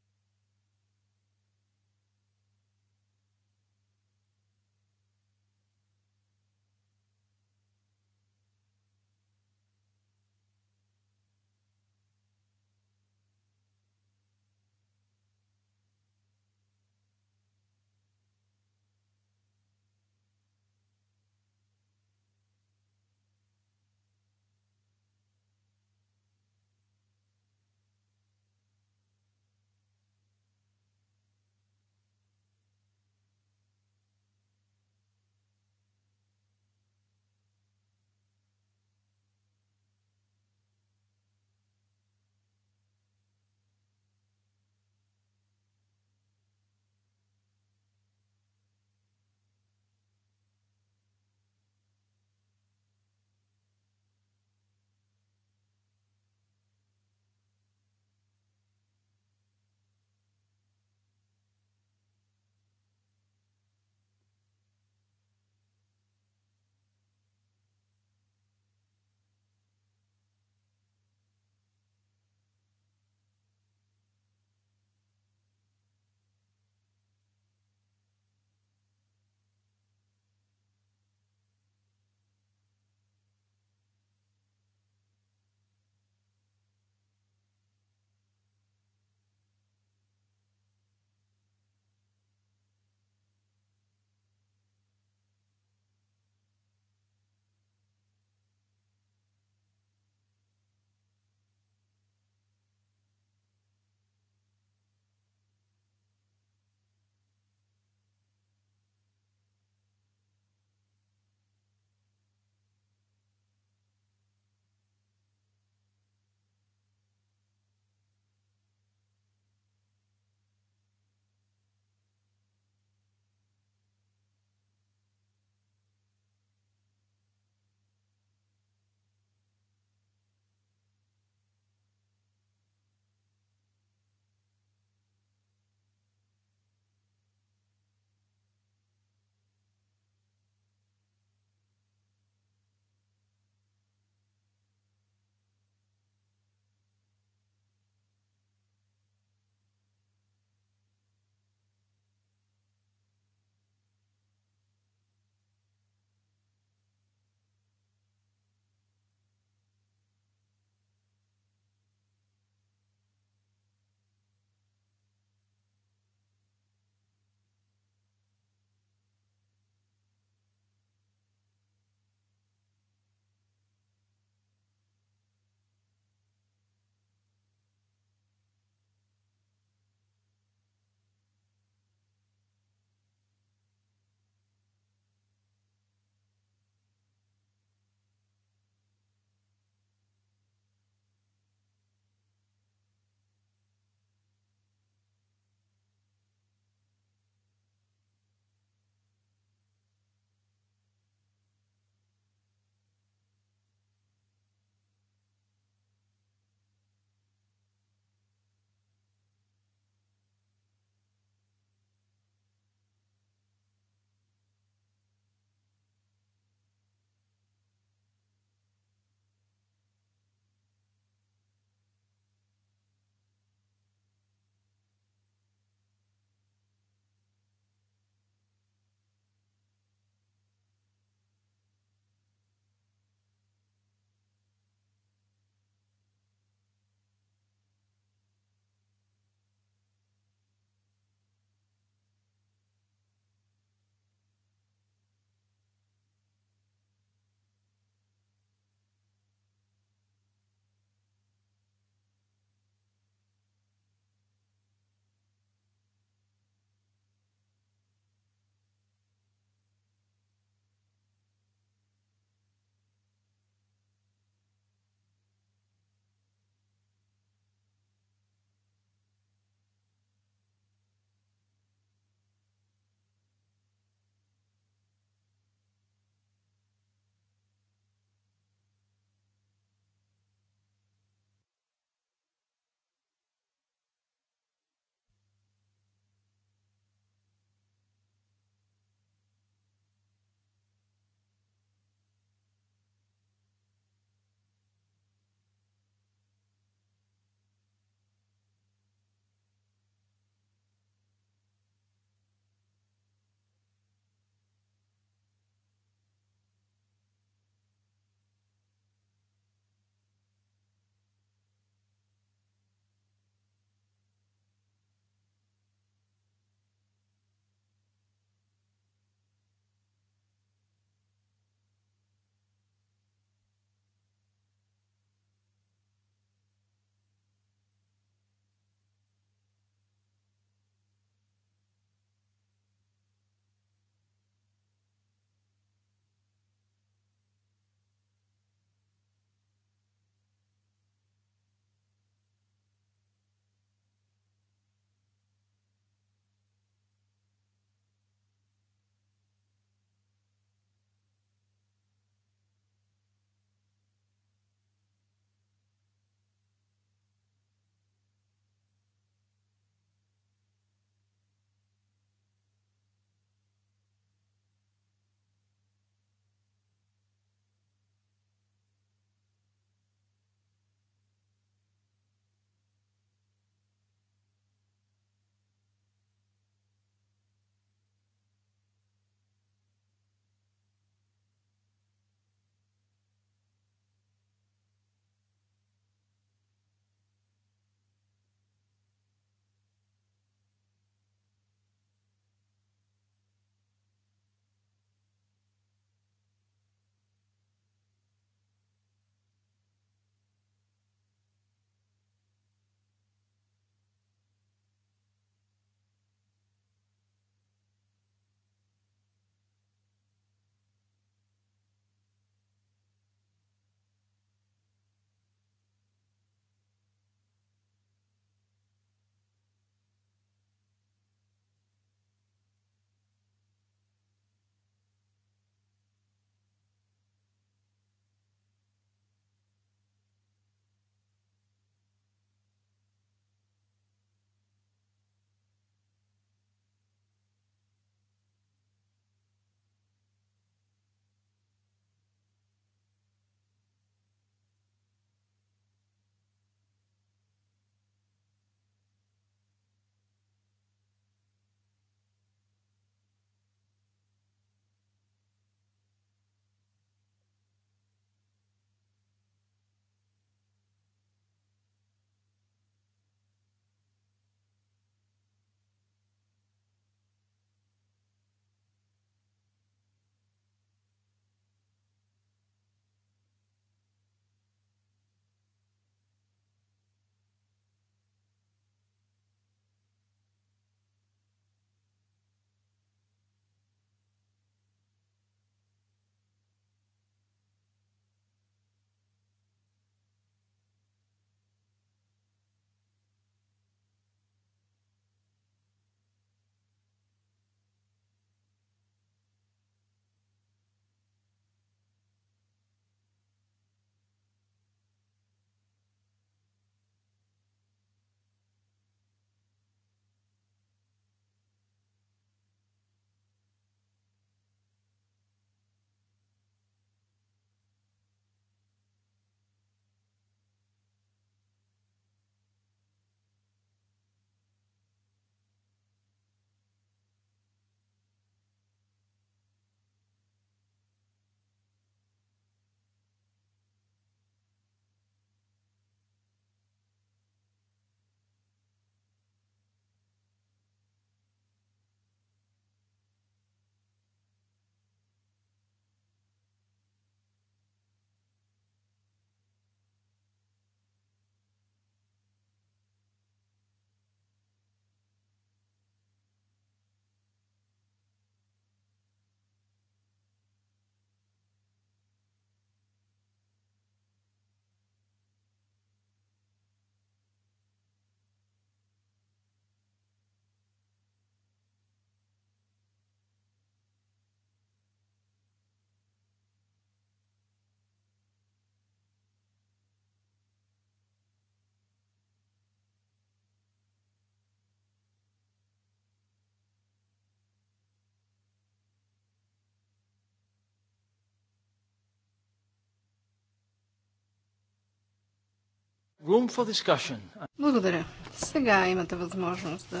Благодаря. Сега имате възможност да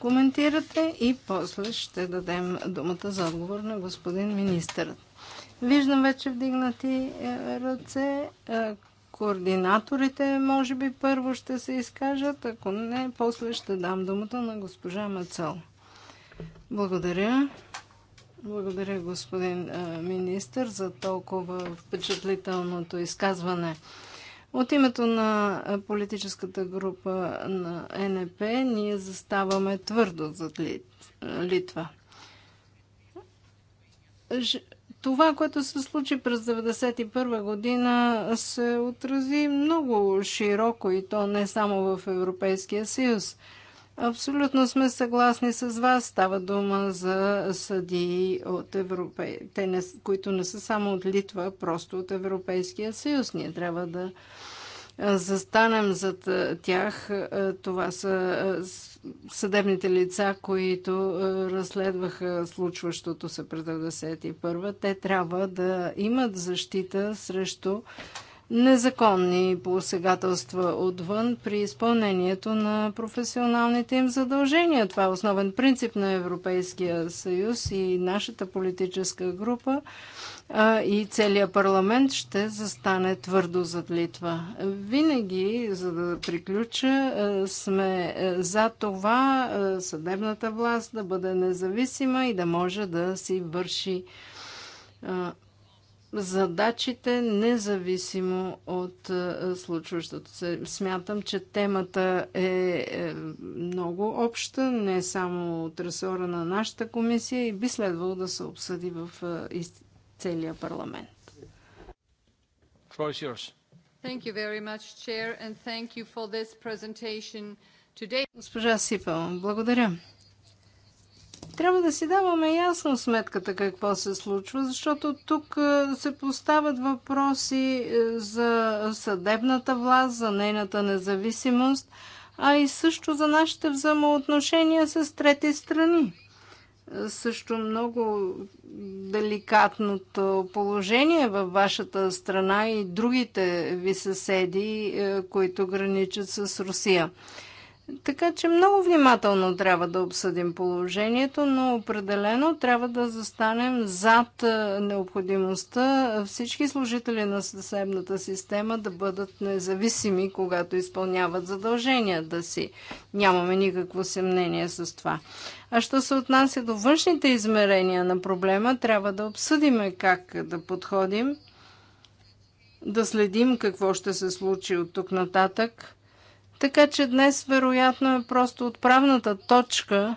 коментирате и после ще дадем думата за отговор на господин министърът. Виждам вече вдигнати е, ръце. Е, координаторите, може би, първо ще се изкажат. Ако не, после ще дам думата на госпожа Мацел. Благодаря. Благодаря, господин е, министър, за толкова впечатлителното изказване. От името на политическата група на НП ние заставаме твърдо зад Литва. Това, което се случи през 1991 година, се отрази много широко и то не само в Европейския съюз. Абсолютно сме съгласни с вас. Става дума за съдии от Европе... Те не... които не са само от Литва, просто от Европейския съюз. Ние трябва да застанем зад тях. Това са съдебните лица, които разследваха случващото се през 1991. Те трябва да имат защита срещу незаконни посегателства отвън при изпълнението на професионалните им задължения. Това е основен принцип на Европейския съюз и нашата политическа група а, и целият парламент ще застане твърдо зад Литва. Винаги, за да приключа, сме за това съдебната власт да бъде независима и да може да си върши задачите, независимо от е, случващото се. Смятам, че темата е, е много обща, не само от ресора на нашата комисия и би следвало да се обсъди в е, целия парламент. Госпожа Сипа, благодаря. Трябва да си даваме ясно сметката какво се случва, защото тук е, се поставят въпроси е, за съдебната власт, за нейната независимост, а и също за нашите взаимоотношения с трети страни е, също много деликатното положение във вашата страна и другите ви съседи, които граничат с Русия. Така че много внимателно трябва да обсъдим положението, но определено трябва да застанем зад е, необходимостта всички служители на съдебната система да бъдат независими, когато изпълняват задълженията си. Нямаме никакво съмнение с това. А що се отнася до външните измерения на проблема, трябва да обсъдиме как да подходим, да следим какво ще се случи от тук нататък – така че днес вероятно е просто отправната точка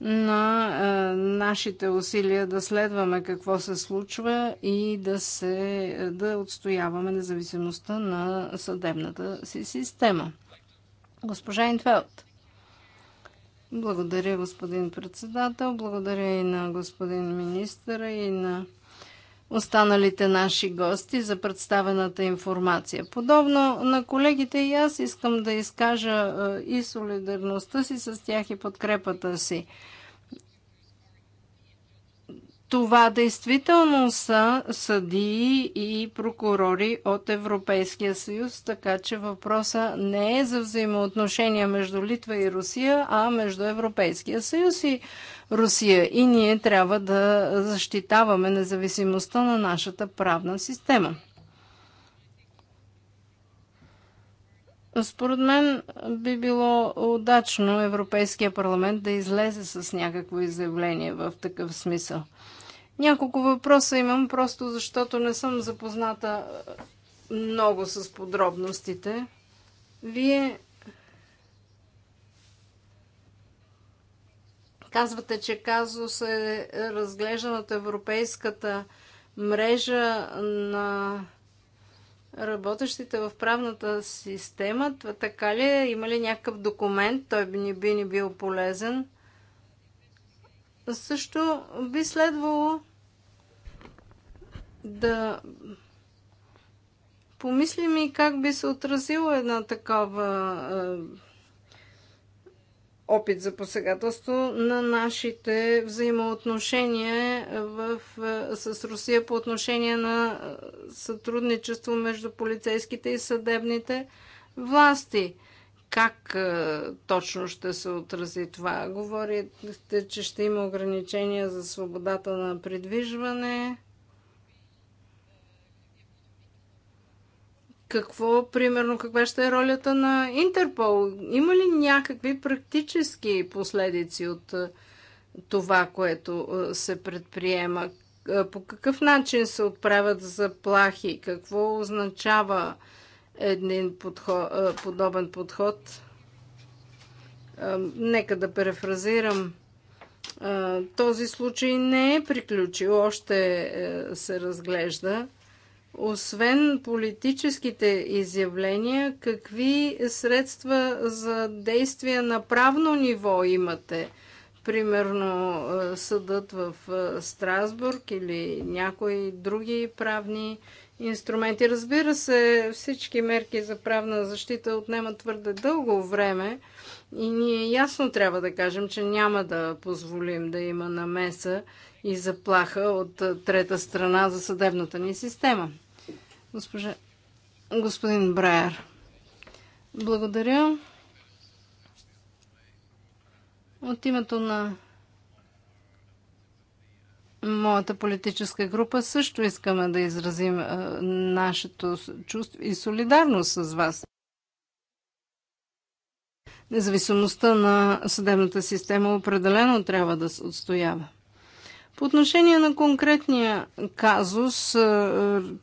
на е, нашите усилия да следваме какво се случва и да, се, е, да отстояваме независимостта на съдебната си система. Госпожа Инфелд. Благодаря, господин председател. Благодаря и на господин министъра и на останалите наши гости за представената информация. Подобно на колегите и аз искам да изкажа е, и солидарността си с тях и подкрепата си. Това действително са съдии и прокурори от Европейския съюз, така че въпроса не е за взаимоотношения между Литва и Русия, а между Европейския съюз и Русия. И ние трябва да защитаваме независимостта на нашата правна система. Според мен би било удачно Европейския парламент да излезе с някакво изявление в такъв смисъл. Няколко въпроса имам, просто защото не съм запозната е, много с подробностите. Вие казвате, че казус е разглеждан от Европейската мрежа на работещите в правната система. Така ли е? Има ли някакъв документ? Той би ни, би ни бил полезен. Също би следвало да помислим и как би се отразила една такава е, опит за посегателство на нашите взаимоотношения в, е, с Русия по отношение на е, сътрудничество между полицейските и съдебните власти. Как точно ще се отрази това? Говорите, че ще има ограничения за свободата на придвижване. какво, примерно, каква ще е ролята на Интерпол? Има ли някакви практически последици от е, това, което е, се предприема? Е, по какъв начин се отправят заплахи? Какво означава един подход, подобен подход? Нека да перефразирам. Този случай не е приключил, още се разглежда освен политическите изявления, какви средства за действие на правно ниво имате? Примерно е, съдът в е, Страсбург или някои други правни инструменти. Разбира се, всички мерки за правна защита отнемат твърде дълго време и ние ясно трябва да кажем, че няма да позволим да има намеса и заплаха от трета страна за съдебната ни система. Госпожа... Господин Брайер, благодаря. От името на моята политическа група също искаме да изразим нашето чувство и солидарност с вас. Независимостта на съдебната система определено трябва да се отстоява. По отношение на конкретния казус, е,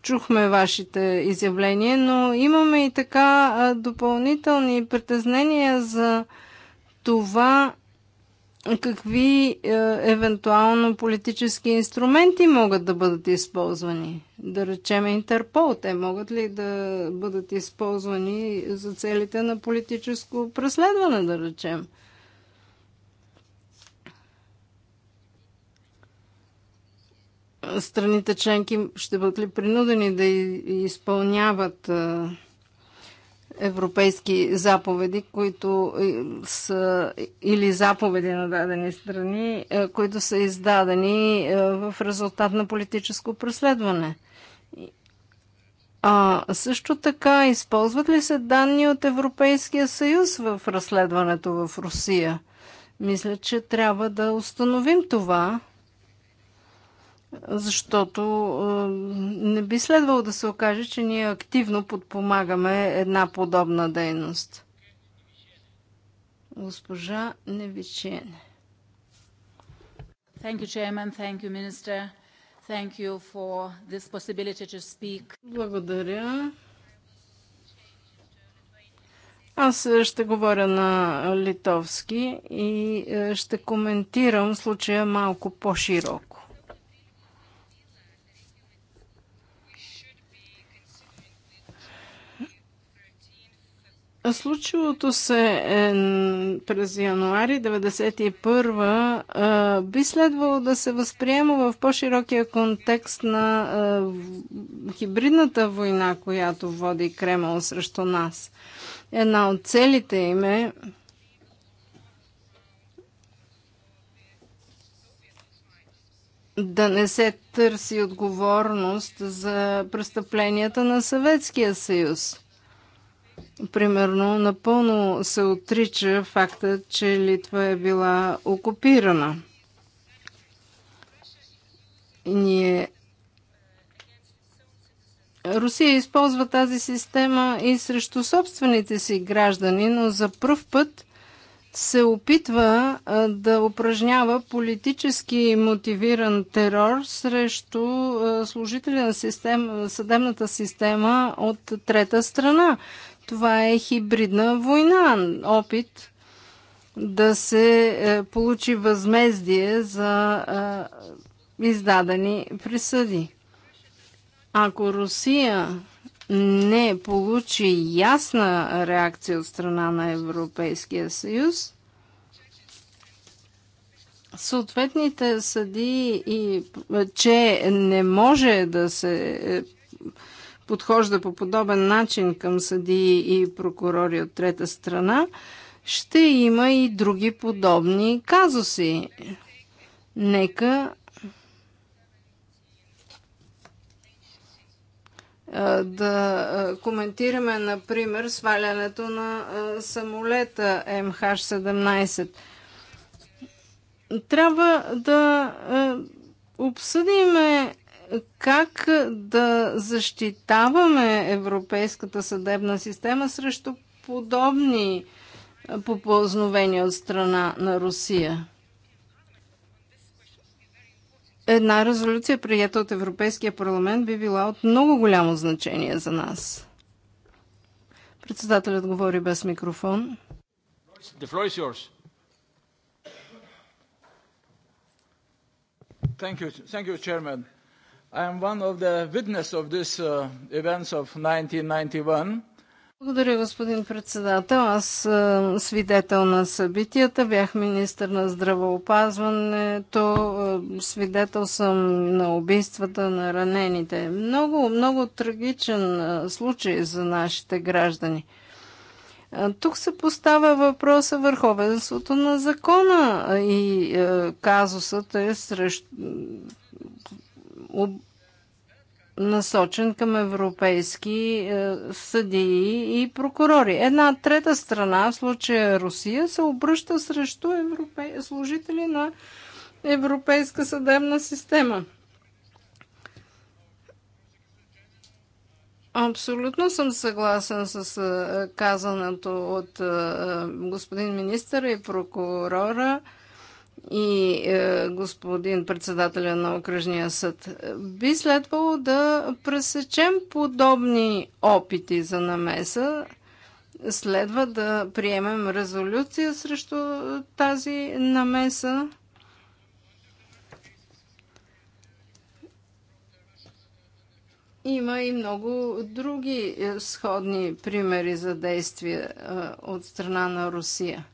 чухме вашите изявления, но имаме и така е, допълнителни притеснения за това какви е, евентуално политически инструменти могат да бъдат използвани. Да речем Интерпол, те могат ли да бъдат използвани за целите на политическо преследване, да речем? страните членки ще бъдат ли принудени да изпълняват европейски заповеди, които са или заповеди на дадени страни, които са издадени в резултат на политическо преследване. А също така, използват ли се данни от Европейския съюз в разследването в Русия? Мисля, че трябва да установим това защото не би следвало да се окаже, че ние активно подпомагаме една подобна дейност. Госпожа Невичене. Thank you, Chairman. Thank you, Minister. Thank you for this possibility to speak. Благодаря. Аз ще говоря на литовски и ще коментирам случая малко по-широк. Случилото се е през януари 1991 би следвало да се възприема в по-широкия контекст на хибридната война, която води Кремъл срещу нас. Една от целите им е да не се търси отговорност за престъпленията на Съветския съюз Примерно, напълно се отрича факта, че Литва е била окупирана. Ние Русия използва тази система и срещу собствените си граждани, но за пръв път се опитва да упражнява политически мотивиран терор срещу служители на систем, съдебната система от трета страна. Това е хибридна война, опит да се е, получи възмездие за е, издадени присъди. Ако Русия не получи ясна реакция от страна на Европейския съюз, съответните съди и е, че не може да се подхожда по подобен начин към съдии и прокурори от трета страна, ще има и други подобни казуси. Нека да коментираме, например, свалянето на самолета МХ-17. Трябва да обсъдиме как да защитаваме европейската съдебна система срещу подобни попълзновения от страна на Русия. Една резолюция, прията от Европейския парламент, би била от много голямо значение за нас. Председателят говори без микрофон. The floor is yours. Thank you, thank you, chairman. I am one of the witness of this uh, events of 1991. Благодаря, господин председател. Аз съм е, свидетел на събитията. Бях министър на здравеопазването. Е, свидетел съм на убийствата на ранените. Много, много трагичен е, случай за нашите граждани. Тук се поставя въпроса върховенството на закона и казусът е срещу насочен към европейски е, съдии и прокурори. Една трета страна, в случая Русия, се обръща срещу европе... служители на Европейска съдебна система. Абсолютно съм съгласен с е, казаното от е, господин министър и прокурора и е, господин председателя на окръжния съд. Би следвало да пресечем подобни опити за намеса. Следва да приемем резолюция срещу тази намеса. Има и много други е, сходни примери за действия е, от страна на Русия.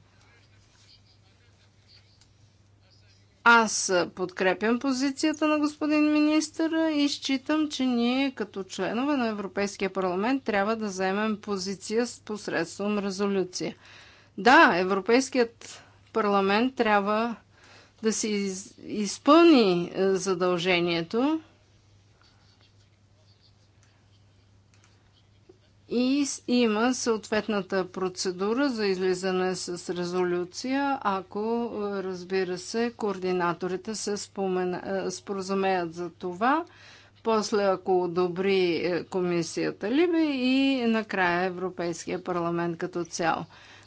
Аз подкрепям позицията на господин министър, и считам, че ние като членове на Европейския парламент трябва да заемем позиция с посредством резолюция. Да, Европейският парламент трябва да си изпълни задължението и има съответната процедура за излизане с резолюция, ако, е, разбира се, координаторите се спомена, е, споразумеят за това, после ако одобри е, комисията Либе и накрая Европейския парламент като цяло.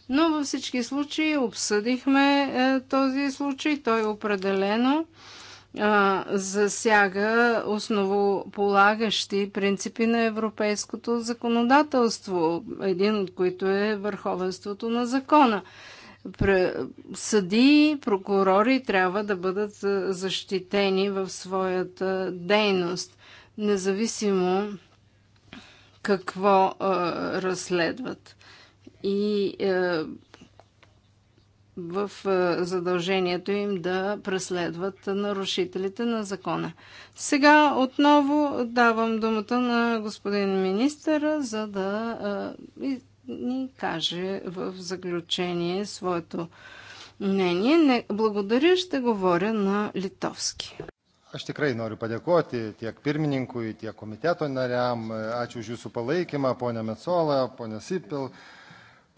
Но във всички случаи обсъдихме този случай, той определено засяга основополагащи принципи на европейското законодателство, един от които е върховенството на закона. Съди, прокурори трябва да бъдат защитени в своята дейност, независимо какво разследват. И в е, задължението им да преследват нарушителите на закона. Сега отново давам думата на господин министър, за да е, ни каже в заключение своето мнение. Не, благодаря, ще говоря на литовски. Aš tikrai noriu padėkoti tiek pirmininkui, tiek komiteto nariam. Ačiū už jūsų palaikymą, ponė Metsola, ponė Sipil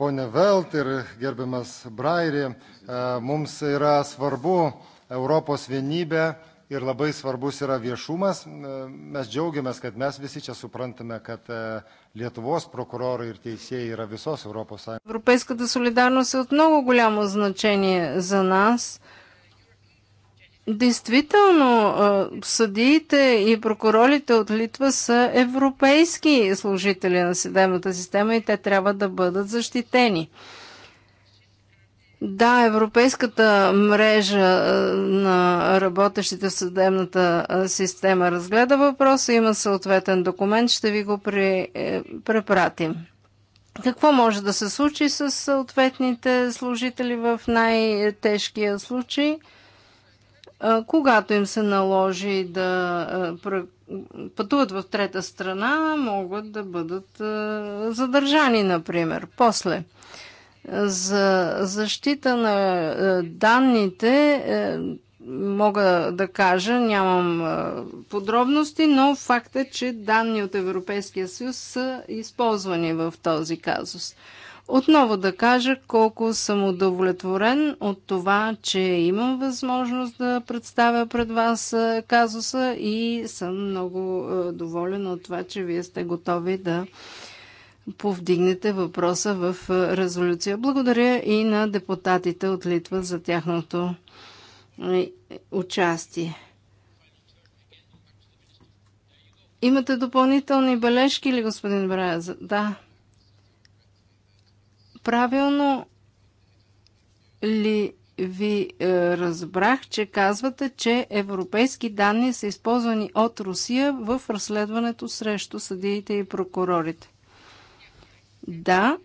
ponia Velt ir gerbiamas Brairė, mums yra svarbu Europos vienybė ir labai svarbus yra viešumas. Mes džiaugiamės, kad mes visi čia suprantame, kad Lietuvos prokurorai ir teisėjai yra visos Europos солидарност Действително, съдиите и прокурорите от Литва са европейски служители на съдебната система и те трябва да бъдат защитени. Да, Европейската мрежа на работещите в съдебната система разгледа въпроса, има съответен документ, ще ви го при, е, препратим. Какво може да се случи с съответните служители в най-тежкия случай – когато им се наложи да пътуват в трета страна, могат да бъдат задържани, например. После, за защита на данните, мога да кажа, нямам подробности, но факт е, че данни от Европейския съюз са използвани в този казус. Отново да кажа колко съм удовлетворен от това, че имам възможност да представя пред вас е, казуса и съм много е, доволен от това, че вие сте готови да повдигнете въпроса в е, резолюция. Благодаря и на депутатите от Литва за тяхното участие. Имате допълнителни бележки ли, господин Брая? Да правилно ли ви е, разбрах, че казвате, че европейски данни са използвани от Русия в разследването срещу съдиите и прокурорите? Да.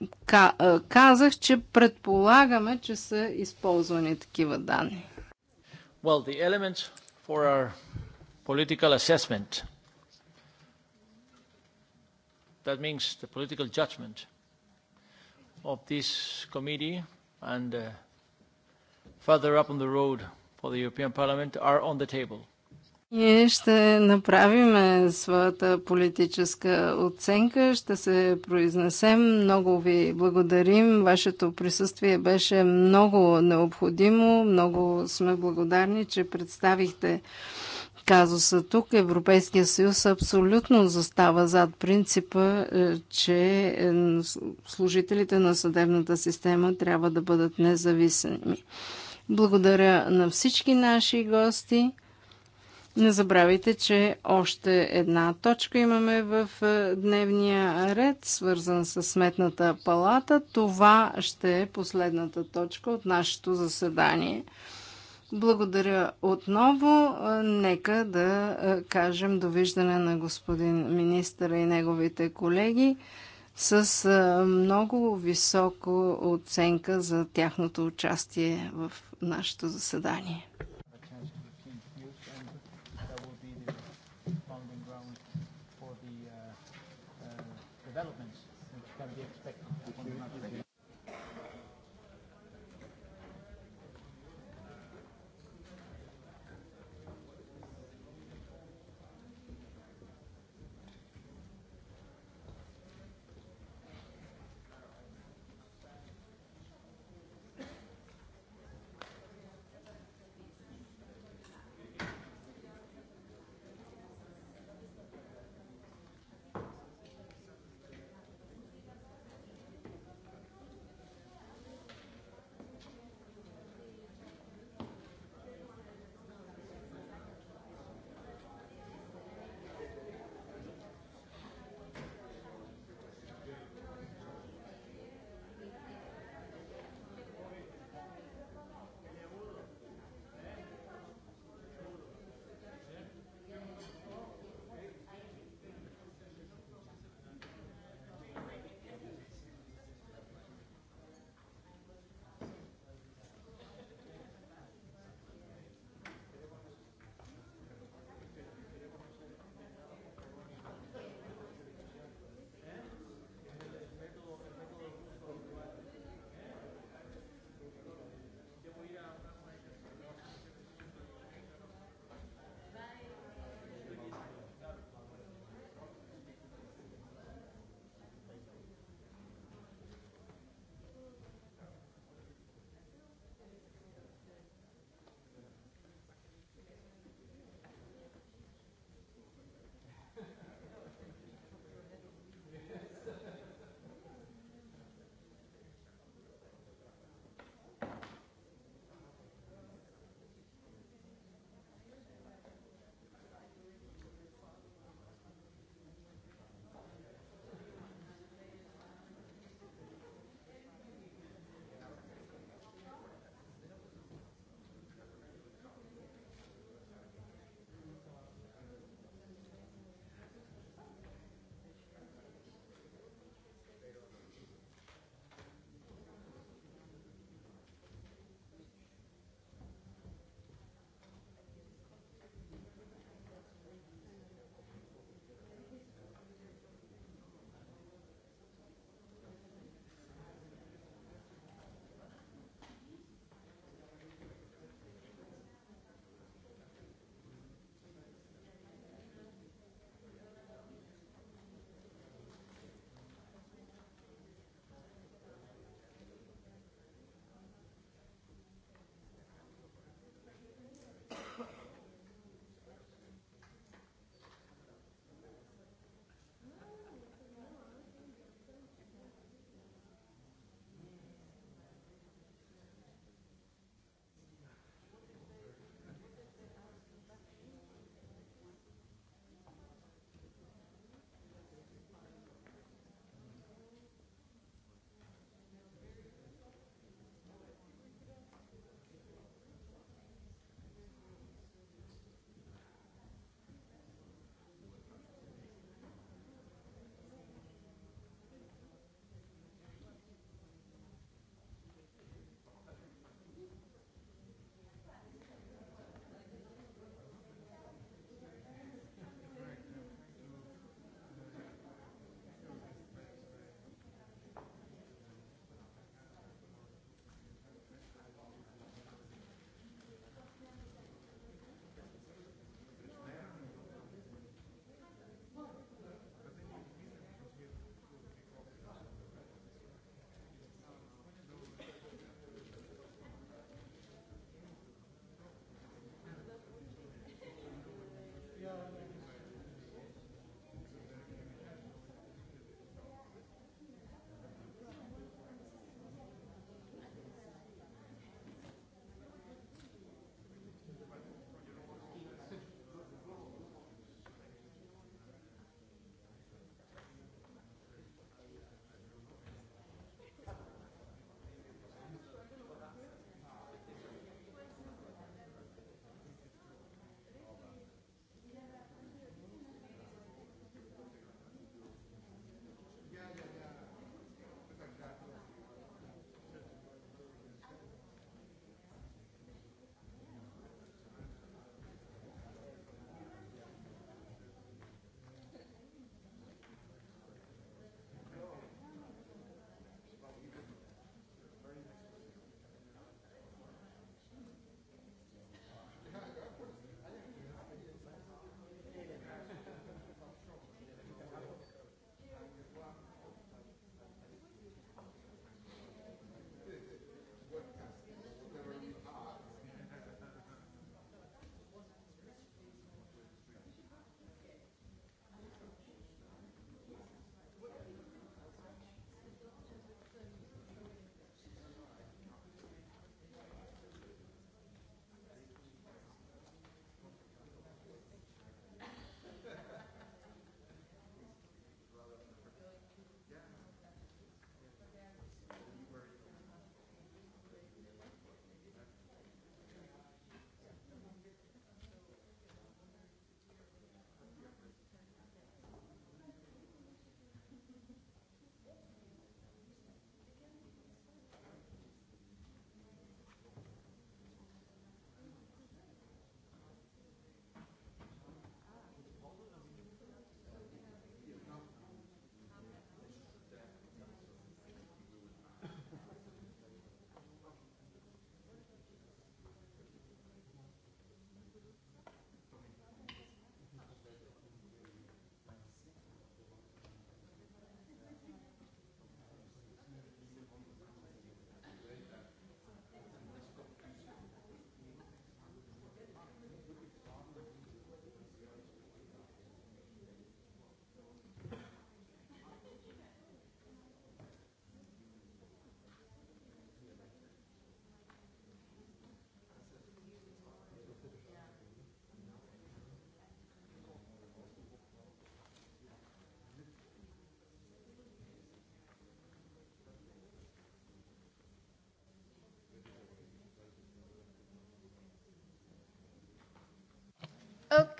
Е, казах, че предполагаме, че са използвани такива данни. Well, the element for our political assessment That means the political judgment of this committee and uh, further up on the road for the European Parliament are on the table. Ние ще направим е, своята политическа оценка, ще се произнесем. Много ви благодарим. Вашето присъствие беше много необходимо. Много сме благодарни, че представихте казуса тук. Европейския съюз абсолютно застава зад принципа, е, че е, служителите на съдебната система трябва да бъдат независими. Благодаря на всички наши гости. Не забравяйте, че още една точка имаме в е, дневния ред, свързан с Сметната палата. Това ще е последната точка от нашето заседание. Благодаря отново. Нека да кажем довиждане на господин министъра и неговите колеги с много високо оценка за тяхното участие в нашето заседание.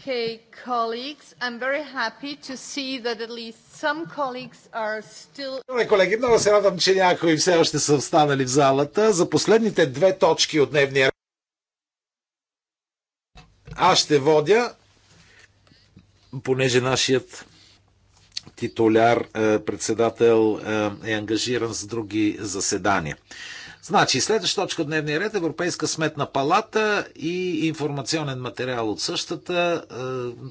Okay, colleagues, I'm very happy to see that at least some colleagues are still... Добре, колеги, много се радвам, че някои все още са останали в залата. За последните две точки от дневния аз ще водя, понеже нашият титуляр, е, председател е, е ангажиран с други заседания. Значи, следваща точка от дневния ред е Европейска сметна палата и информационен материал от същата е,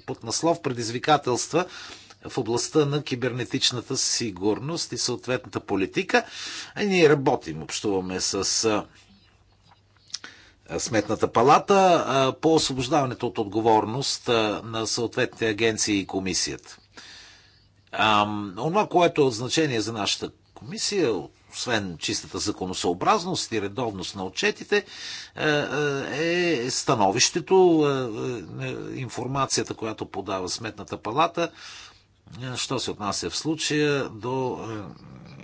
под наслов предизвикателства в областта на кибернетичната сигурност и съответната политика. А ние работим, общуваме с е, Сметната палата по освобождаването от отговорност на съответните агенции и комисията. Онова, което е от значение за нашата комисия, от освен чистата законосъобразност и редовност на отчетите, е, е, е становището, е, информацията, която подава Сметната палата, що се отнася в случая до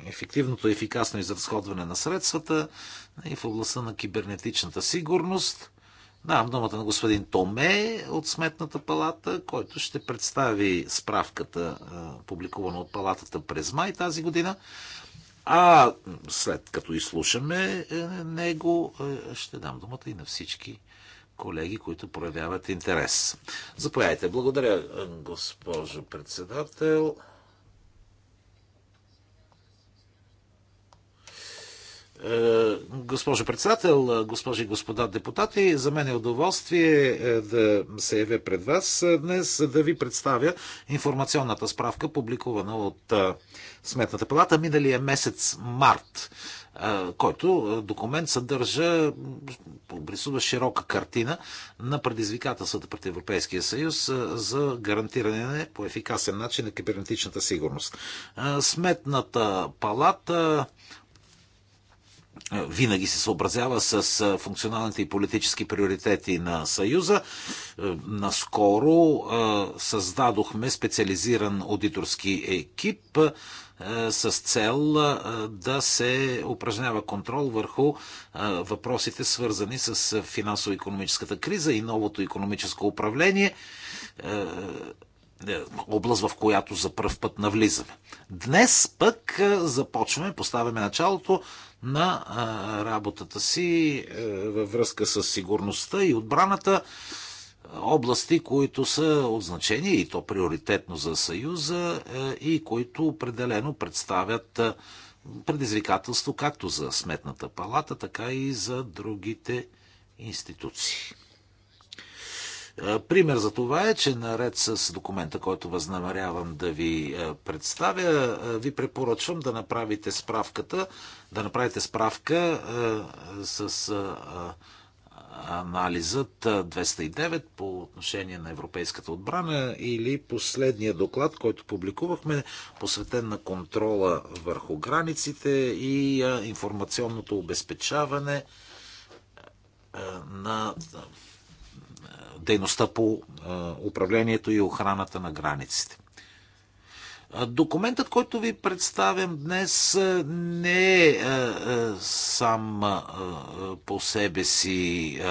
ефективното и ефикасно изразходване на средствата и в областта на кибернетичната сигурност. Давам думата на господин Томе от Сметната палата, който ще представи справката, публикувана от палатата през май тази година. А след като изслушаме е, него, е, ще дам думата и на всички колеги, които проявяват интерес. Заповядайте. Благодаря, е, госпожо председател. Е, госпожо председател, госпожи и господа депутати, за мен е удоволствие е, да се явя пред вас е, днес да ви представя информационната справка, публикувана от Сметната палата миналия месец март, който документ съдържа, обрисува широка картина на предизвикателствата пред Европейския съюз за гарантиране по ефикасен начин на кибернетичната сигурност. Сметната палата винаги се съобразява с функционалните и политически приоритети на Съюза. Наскоро създадохме специализиран аудиторски екип с цел да се упражнява контрол върху въпросите, свързани с финансово-економическата криза и новото економическо управление област, в която за първ път навлизаме. Днес пък започваме, поставяме началото на работата си е, във връзка с сигурността и отбраната области, които са от значение и то приоритетно за Съюза е, и които определено представят е, предизвикателство както за Сметната палата, така и за другите институции. Пример за това е, че наред с документа, който възнамерявам да ви представя, ви препоръчвам да направите справката, да направите справка с анализът 209 по отношение на европейската отбрана или последния доклад, който публикувахме, посветен на контрола върху границите и информационното обезпечаване на дейността по управлението и охраната на границите. Документът, който ви представям днес, не е сам по себе си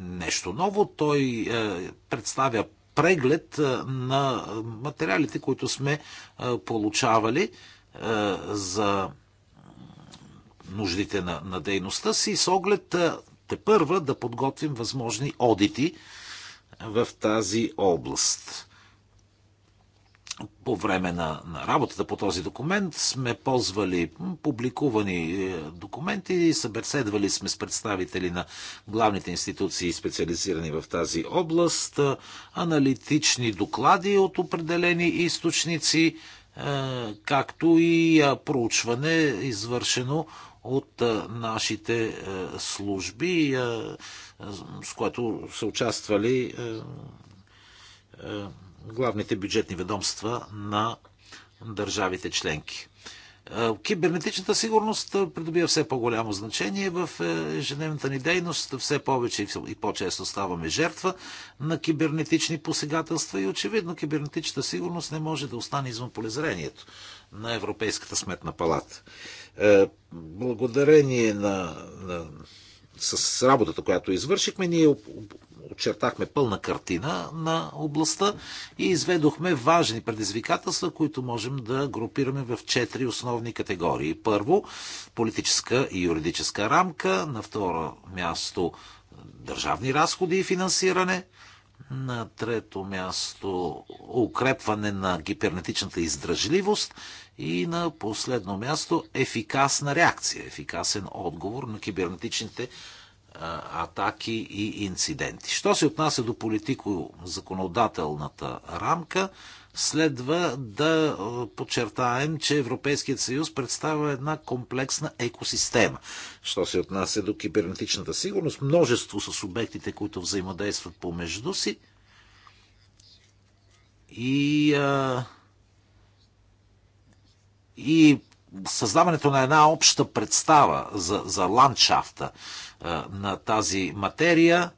нещо ново. Той представя преглед на материалите, които сме получавали за нуждите на, на дейността си с оглед те първа да подготвим възможни одити в тази област. По време на, на работата по този документ сме ползвали публикувани е, документи, събеседвали сме с представители на главните институции, специализирани в тази област, е, аналитични доклади от определени източници, е, както и проучване, извършено от нашите служби, с което са участвали главните бюджетни ведомства на държавите членки. Кибернетичната сигурност придобива все по-голямо значение в ежедневната ни дейност. Все повече и по-често ставаме жертва на кибернетични посегателства и очевидно кибернетичната сигурност не може да остане извън полезрението на Европейската сметна палата. Е, благодарение на, на с работата, която извършихме, ние очертахме пълна картина на областта и изведохме важни предизвикателства, които можем да групираме в четири основни категории. Първо, политическа и юридическа рамка. На второ място, държавни разходи и финансиране. На трето място, укрепване на гипернетичната издръжливост. И на последно място ефикасна реакция, ефикасен отговор на кибернетичните атаки и инциденти. Що се отнася до политико-законодателната рамка, следва да подчертаем, че Европейският съюз представя една комплексна екосистема. Що се отнася до кибернетичната сигурност, множество са субектите, които взаимодействат помежду си и а, и създаването на една обща представа за, за ландшафта а, е, на тази материя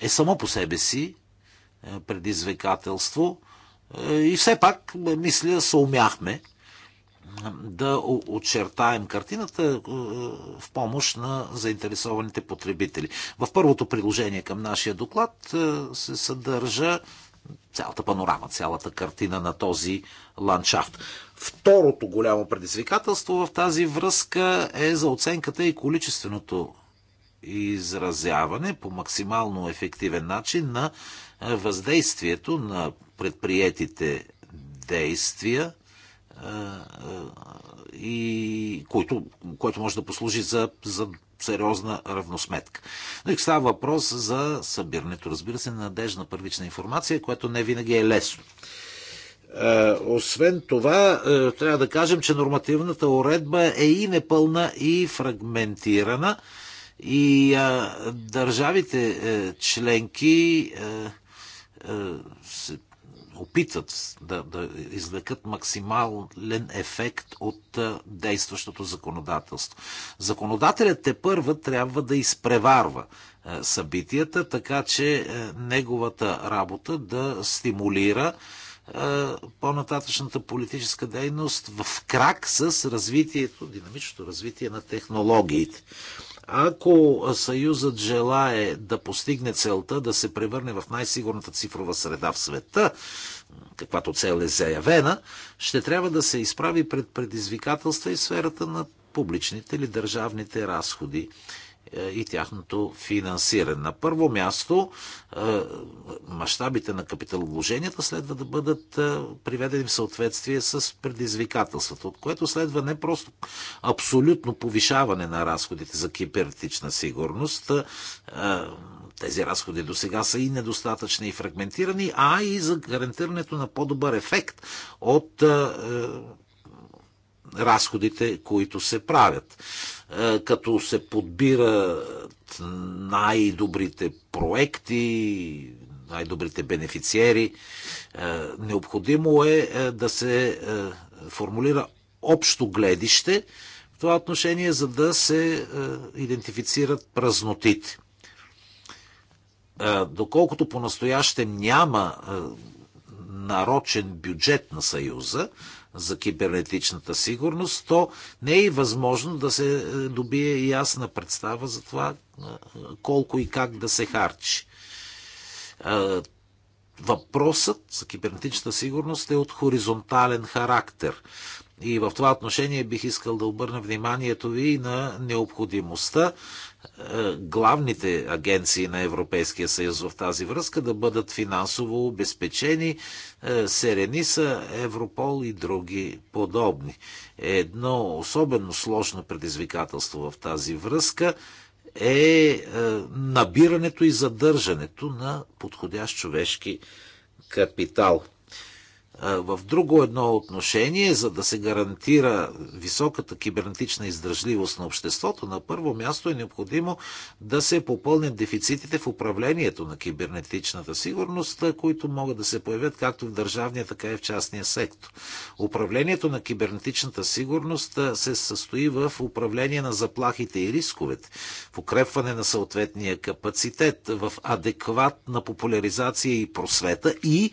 е само по себе си а, е, предизвикателство. А, е, и все пак, мисля, се умяхме да очертаем картината в помощ на заинтересованите потребители. В първото приложение към нашия доклад се съдържа цялата панорама, цялата картина на този ландшафт. Второто голямо предизвикателство в тази връзка е за оценката и количественото изразяване по максимално ефективен начин на въздействието на предприетите действия и което, което може да послужи за, за сериозна равносметка. Но и става въпрос за събирането, разбира се, на надежна първична информация, което не винаги е лесно. Е, освен това, е, трябва да кажем, че нормативната уредба е и непълна, и фрагментирана. И а, е, държавите е, членки е, е, се опитат да, да извлекат максимален ефект от действащото законодателство. Законодателят те първа трябва да изпреварва събитията, така че неговата работа да стимулира по-нататъчната политическа дейност в крак с развитието, динамичното развитие на технологиите. Ако Съюзът желае да постигне целта да се превърне в най-сигурната цифрова среда в света, каквато цел е заявена, ще трябва да се изправи пред предизвикателства и сферата на публичните или държавните разходи. Е, и тяхното финансиране. На първо място, е, мащабите на капиталовложенията следва да бъдат е, приведени в съответствие с предизвикателствата, от което следва не просто абсолютно повишаване на разходите за кибернетична сигурност, тези разходи до сега са и недостатъчни и фрагментирани, а и за гарантирането на по-добър ефект от разходите, които се правят. Е, като се подбират най-добрите проекти, най-добрите бенефициери, е, необходимо е, е да се формулира общо гледище в това отношение, за да се идентифицират празнотите. Доколкото по настояще няма нарочен бюджет на Съюза, за кибернетичната сигурност, то не е и възможно да се е, добие ясна представа за това е, колко и как да се харчи. Е, въпросът за кибернетичната сигурност е от хоризонтален характер. И в това отношение бих искал да обърна вниманието ви на необходимостта главните агенции на Европейския съюз в тази връзка да бъдат финансово обезпечени. Е, Серениса, Европол и други подобни. Едно особено сложно предизвикателство в тази връзка е, е набирането и задържането на подходящ човешки капитал в друго едно отношение, за да се гарантира високата кибернетична издържливост на обществото, на първо място е необходимо да се попълнят дефицитите в управлението на кибернетичната сигурност, които могат да се появят както в държавния, така и в частния сектор. Управлението на кибернетичната сигурност се състои в управление на заплахите и рисковете, в укрепване на съответния капацитет, в адекватна популяризация и просвета и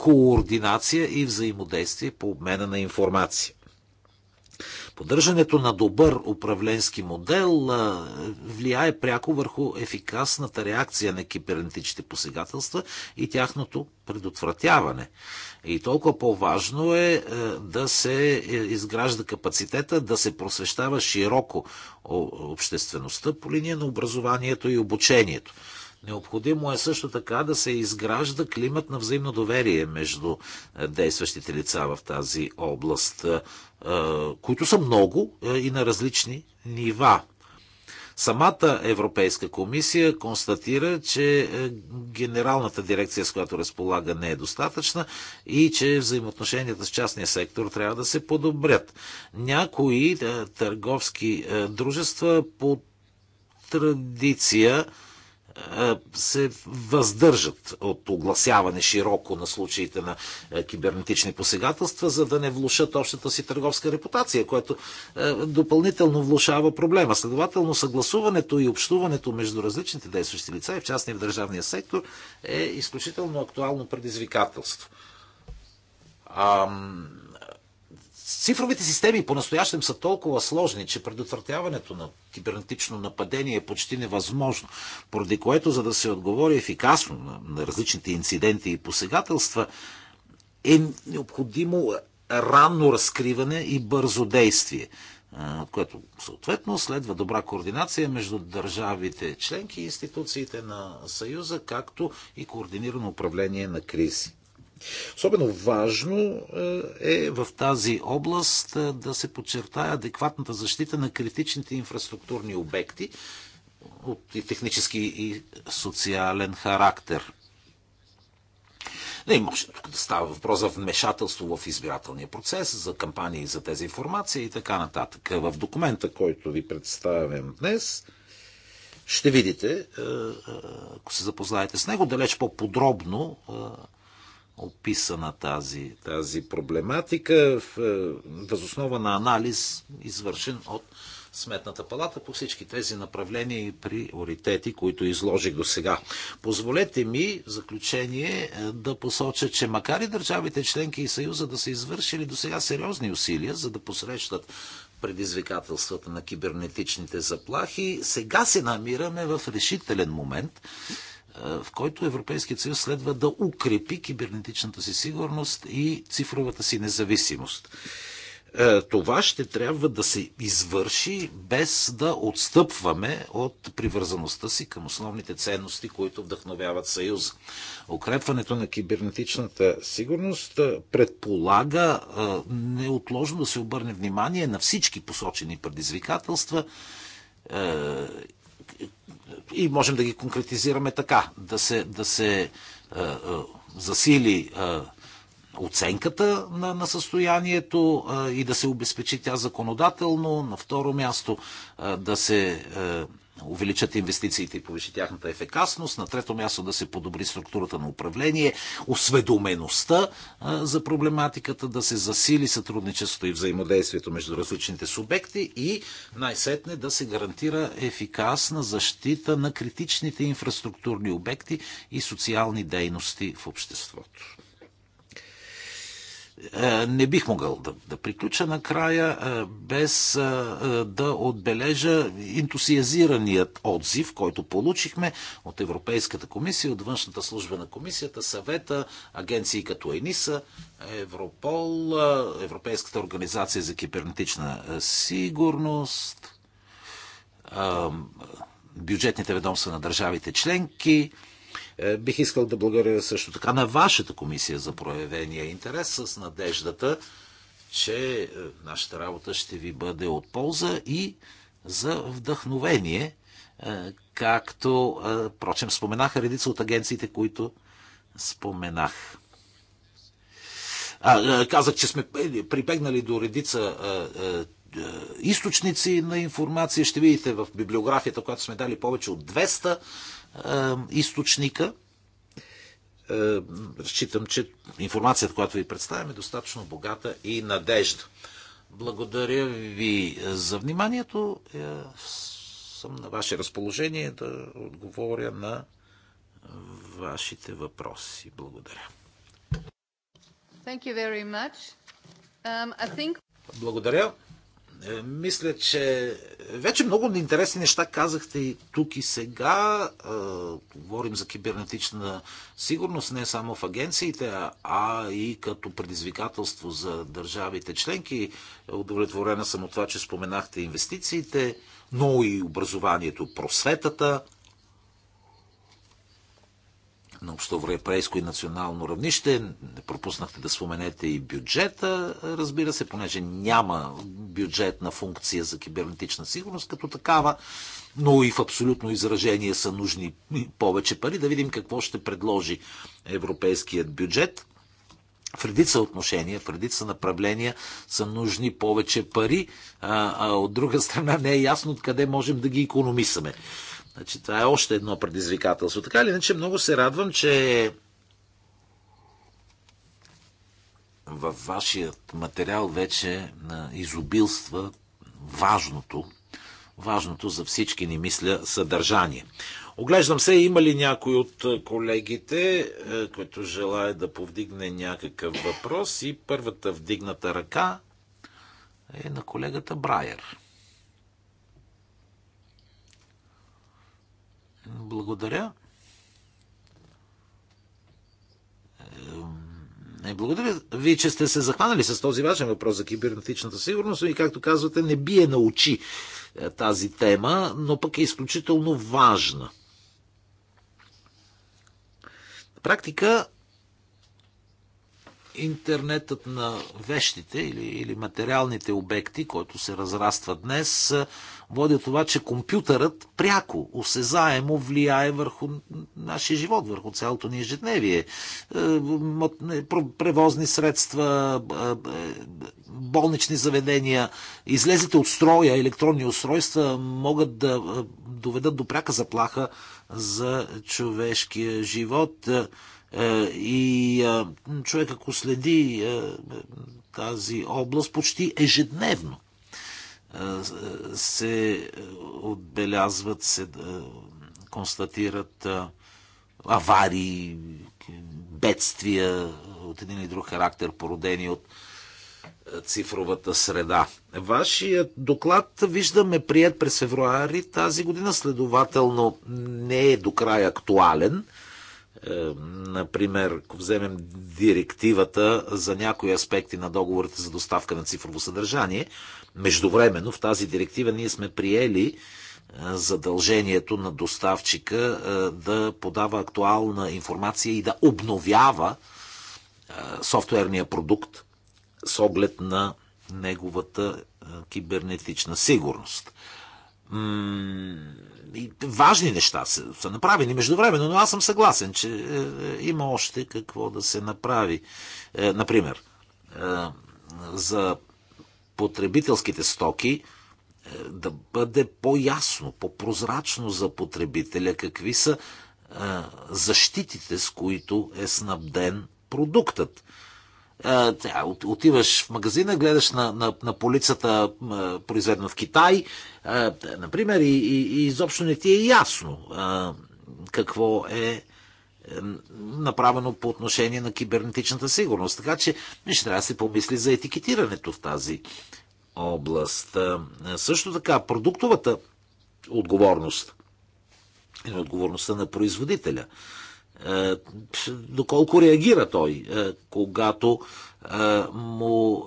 координация и взаимодействие по обмена на информация. Поддържането на добър управленски модел влияе пряко върху ефикасната реакция на кибернетичните посегателства и тяхното предотвратяване. И толкова по-важно е да се е, изгражда капацитета, да се просвещава широко обществеността по линия на образованието и обучението. Необходимо е също така да се изгражда климат на взаимно доверие между е, действащите лица в тази област, е, е, които са много и на различни нива. Самата Европейска комисия констатира, че генералната дирекция, с която разполага, не е достатъчна и че взаимоотношенията с частния сектор трябва да се подобрят. Някои търговски дружества по традиция се въздържат от огласяване широко на случаите на е, кибернетични посегателства, за да не влушат общата си търговска репутация, което е, допълнително влушава проблема. Следователно, съгласуването и общуването между различните действащи лица и в частния в държавния сектор е изключително актуално предизвикателство. Ам Цифровите системи по-настоящем са толкова сложни, че предотвратяването на кибернетично нападение е почти невъзможно, поради което, за да се отговори ефикасно на, на различните инциденти и посегателства, е необходимо ранно разкриване и бързо действие, от което съответно следва добра координация между държавите членки и институциите на Съюза, както и координирано управление на кризи. Особено важно е, е в тази област е, да се подчертая адекватната защита на критичните инфраструктурни обекти от и технически и социален характер. Не може тук да става въпрос за вмешателство в избирателния процес, за кампании за тези информации и така нататък. В документа, който ви представям днес, ще видите, е, ако се запознаете с него, далеч по-подробно описана тази, тази проблематика в, е, възоснова на анализ, извършен от Сметната палата по всички тези направления и приоритети, които изложих до сега. Позволете ми в заключение е, да посоча, че макар и държавите членки и Съюза да са извършили до сега сериозни усилия, за да посрещат предизвикателствата на кибернетичните заплахи, сега се намираме в решителен момент в който Европейският съюз следва да укрепи кибернетичната си сигурност и цифровата си независимост. Е, това ще трябва да се извърши без да отстъпваме от привързаността си към основните ценности, които вдъхновяват Съюз. Укрепването на кибернетичната сигурност е, предполага е, неотложно да се обърне внимание на всички посочени предизвикателства и можем да ги конкретизираме така. Да се, да се а, е, а, е, засили а, е, оценката на, на състоянието а, и да се обезпечи тя законодателно. На второ място а, да се А, увеличат инвестициите и повиши тяхната ефекасност. На трето място да се подобри структурата на управление, осведомеността за проблематиката, да се засили сътрудничеството и взаимодействието между различните субекти и най-сетне да се гарантира ефикасна защита на критичните инфраструктурни обекти и социални дейности в обществото. Е, не бих могъл да, да приключа накрая е, без е, да отбележа ентусиазираният отзив, който получихме от Европейската комисия, от външната служба на комисията, съвета, агенции като ЕНИСА, Европол, Европейската организация за кибернетична сигурност, бюджетните ведомства на държавите членки, е, бих искал да благодаря също така на вашата комисия за проявения интерес с надеждата, че е, нашата работа ще ви бъде от полза и за вдъхновение, е, както, впрочем, споменаха редица от агенциите, които споменах. А, казах, че сме прибегнали до редица източници на информация. Ще видите в библиографията, която сме дали повече от 200 източника. Разчитам, че информацията, която ви представям, е достатъчно богата и надежда. Благодаря ви за вниманието. Я е, съм на ваше разположение да отговоря на вашите въпроси. Благодаря. Thank you very much. Um, I think... Благодаря. Е, мисля, че вече много интересни неща казахте и тук и сега. Е, говорим за кибернетична сигурност не само в агенциите, а и като предизвикателство за държавите членки. Удовлетворена съм от това, че споменахте инвестициите, но и образованието, просветата на общоевропейско и национално равнище. Не пропуснахте да споменете и бюджета, разбира се, понеже няма бюджетна функция за кибернетична сигурност като такава, но и в абсолютно изражение са нужни повече пари. Да видим какво ще предложи европейският бюджет. В редица отношения, в редица направления са нужни повече пари, а, от друга страна не е ясно откъде можем да ги економисаме. Значи това е още едно предизвикателство. Така или иначе много се радвам, че във вашият материал вече изобилства важното, важното за всички ни мисля съдържание. Оглеждам се, има ли някой от колегите, е, който желая да повдигне някакъв въпрос и първата вдигната ръка е на колегата Брайер. Благодаря. Е, не, благодаря Вие, че сте се захванали с този важен въпрос за кибернетичната сигурност и, както казвате, не бие на очи е, тази тема, но пък е изключително важна. На практика интернетът на вещите или, или материалните обекти, който се разраства днес, е, води до това, че компютърът пряко, осезаемо влияе върху нашия живот, върху цялото ни ежедневие. Е, превозни средства, е, е, болнични заведения, излезете от строя, електронни устройства могат да доведат до пряка заплаха за човешкия живот. И човек, ако следи тази област почти ежедневно, се отбелязват, се констатират аварии, бедствия от един или друг характер, породени от цифровата среда. Вашият доклад, виждаме, прият през февруари тази година, следователно не е до край актуален. Е, например, ако вземем директивата за някои аспекти на договорите за доставка на цифрово съдържание, Междувременно в тази директива ние сме приели задължението на доставчика да подава актуална информация и да обновява софтуерния продукт с оглед на неговата кибернетична сигурност. И важни неща са, са направени междувременно, но аз съм съгласен, че е, е има още какво да се направи. Е, например, е, за потребителските стоки е, да бъде по-ясно, по-прозрачно за потребителя какви са е, защитите, с които е снабден продуктът. Е, тя, отиваш в магазина, гледаш на, на, на полицата, произведена в Китай, например, и, и, и изобщо не ти е ясно какво е е, направено по отношение на кибернетичната сигурност. Така че ще трябва да се помисли за етикетирането в тази област. Е, е, също така, продуктовата отговорност и отговорността на производителя. Доколко реагира той, когато му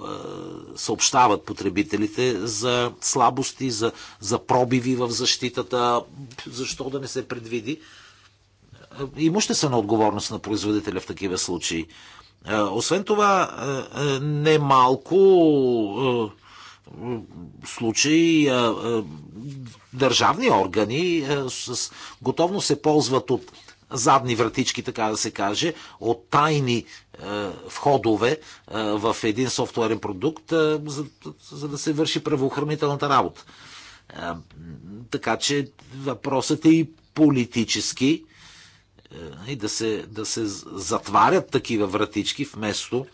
съобщават потребителите за слабости, за, за пробиви в защитата, защо да не се предвиди е, имуществена отговорност на производителя в такива случаи. Е, освен това, е, не малко случаи държавни органи с готовно се ползват от задни вратички, така да се каже, от тайни входове в един софтуерен продукт, за, за да се върши правоохранителната работа. Така че въпросът е и политически е, и нали, да се, да се затварят такива вратички, вместо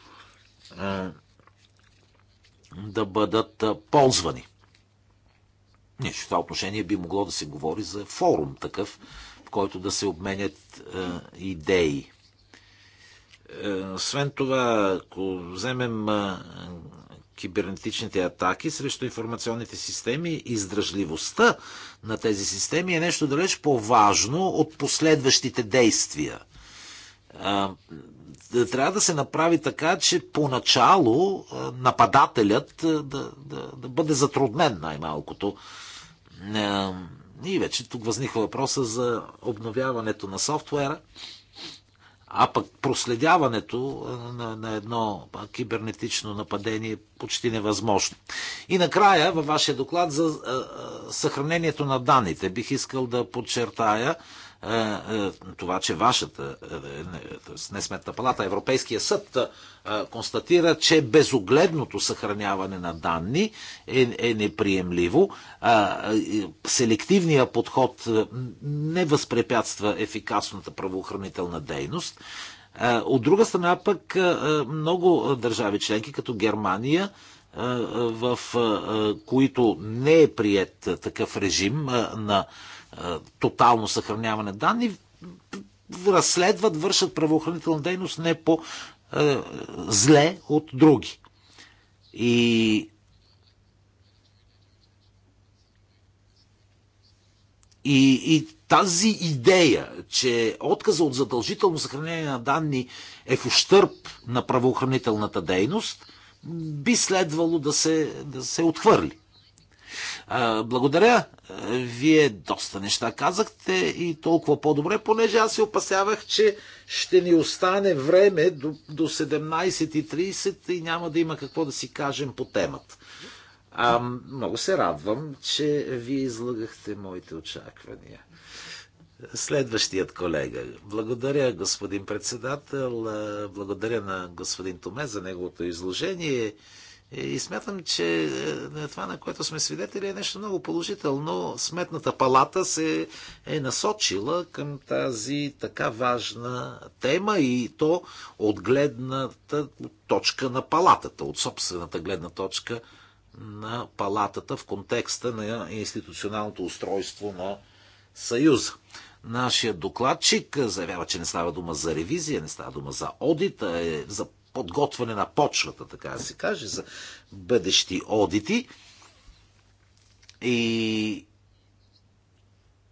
е, да бъдат е, ползвани. Нещо в това отношение би могло да се говори за форум такъв, в който да се обменят идеи. Освен това, ако вземем кибернетичните атаки срещу информационните системи, издръжливостта на тези системи е нещо далеч по-важно от последващите действия. Трябва да се направи така, че поначало нападателят да, да, да бъде затруднен най-малкото. И вече тук възниква въпроса за обновяването на софтуера а пък проследяването на, на едно кибернетично нападение е почти невъзможно. И накрая, във вашия доклад за съхранението на данните, бих искал да подчертая, е, е, това, че вашата, е, не сметна палата, Европейския съд констатира, че безогледното съхраняване на данни е, е неприемливо. Селективният подход не възпрепятства ефикасната правоохранителна дейност. От друга страна пък много държави членки, като Германия, в които не е прият такъв режим на тотално съхраняване данни, разследват, вършат правоохранителна дейност не по е, зле от други. И И, и тази идея, че отказа от задължително съхранение на данни е в ущърп на правоохранителната дейност, би следвало да се, да се отхвърли. Благодаря. Вие доста неща казахте и толкова по-добре, понеже аз се опасявах, че ще ни остане време до, до 17.30 и няма да има какво да си кажем по темата. А, много се радвам, че вие излагахте моите очаквания. Следващият колега. Благодаря, господин председател. Благодаря на господин Томе за неговото изложение. И смятам, че е, това, на което сме свидетели, е нещо много положително. Сметната палата се е насочила към тази така важна тема и то от гледната точка на палатата, от собствената гледна точка на палатата в контекста на институционалното устройство на Съюза. Нашият докладчик заявява, че не става дума за ревизия, не става дума за одита, е за подготвяне на почвата, така да се каже, за бъдещи одити. И,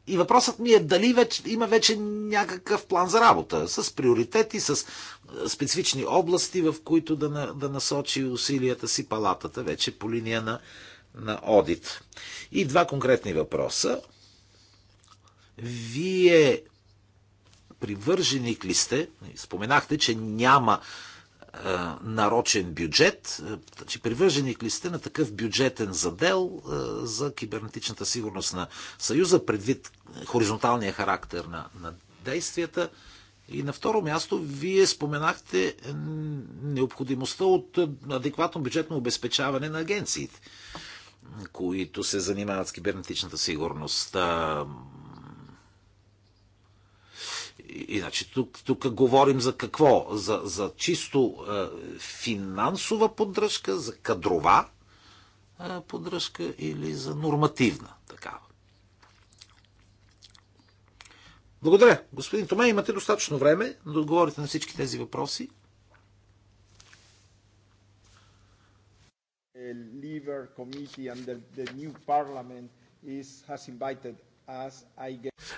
и въпросът ми е дали вече, има вече някакъв план за работа, с приоритети, с специфични области, в които да, на, да насочи усилията си палатата, вече по линия на, на одит. И два конкретни въпроса. Вие привърженик ли сте? Споменахте, че няма е, нарочен бюджет. че значи привърженик ли сте на такъв бюджетен задел е, за кибернетичната сигурност на Съюза, предвид хоризонталния характер на, на действията? И на второ място, вие споменахте необходимостта от адекватно бюджетно обезпечаване на агенциите, които се занимават с кибернетичната сигурност. Е, Иначе тук, тук говорим за какво? За, за чисто е, финансова поддръжка, за кадрова е, поддръжка или за нормативна такава. Благодаря. Господин Томе, имате достатъчно време да отговорите на всички тези въпроси. Liver Committee and the, the new Parliament is, has invited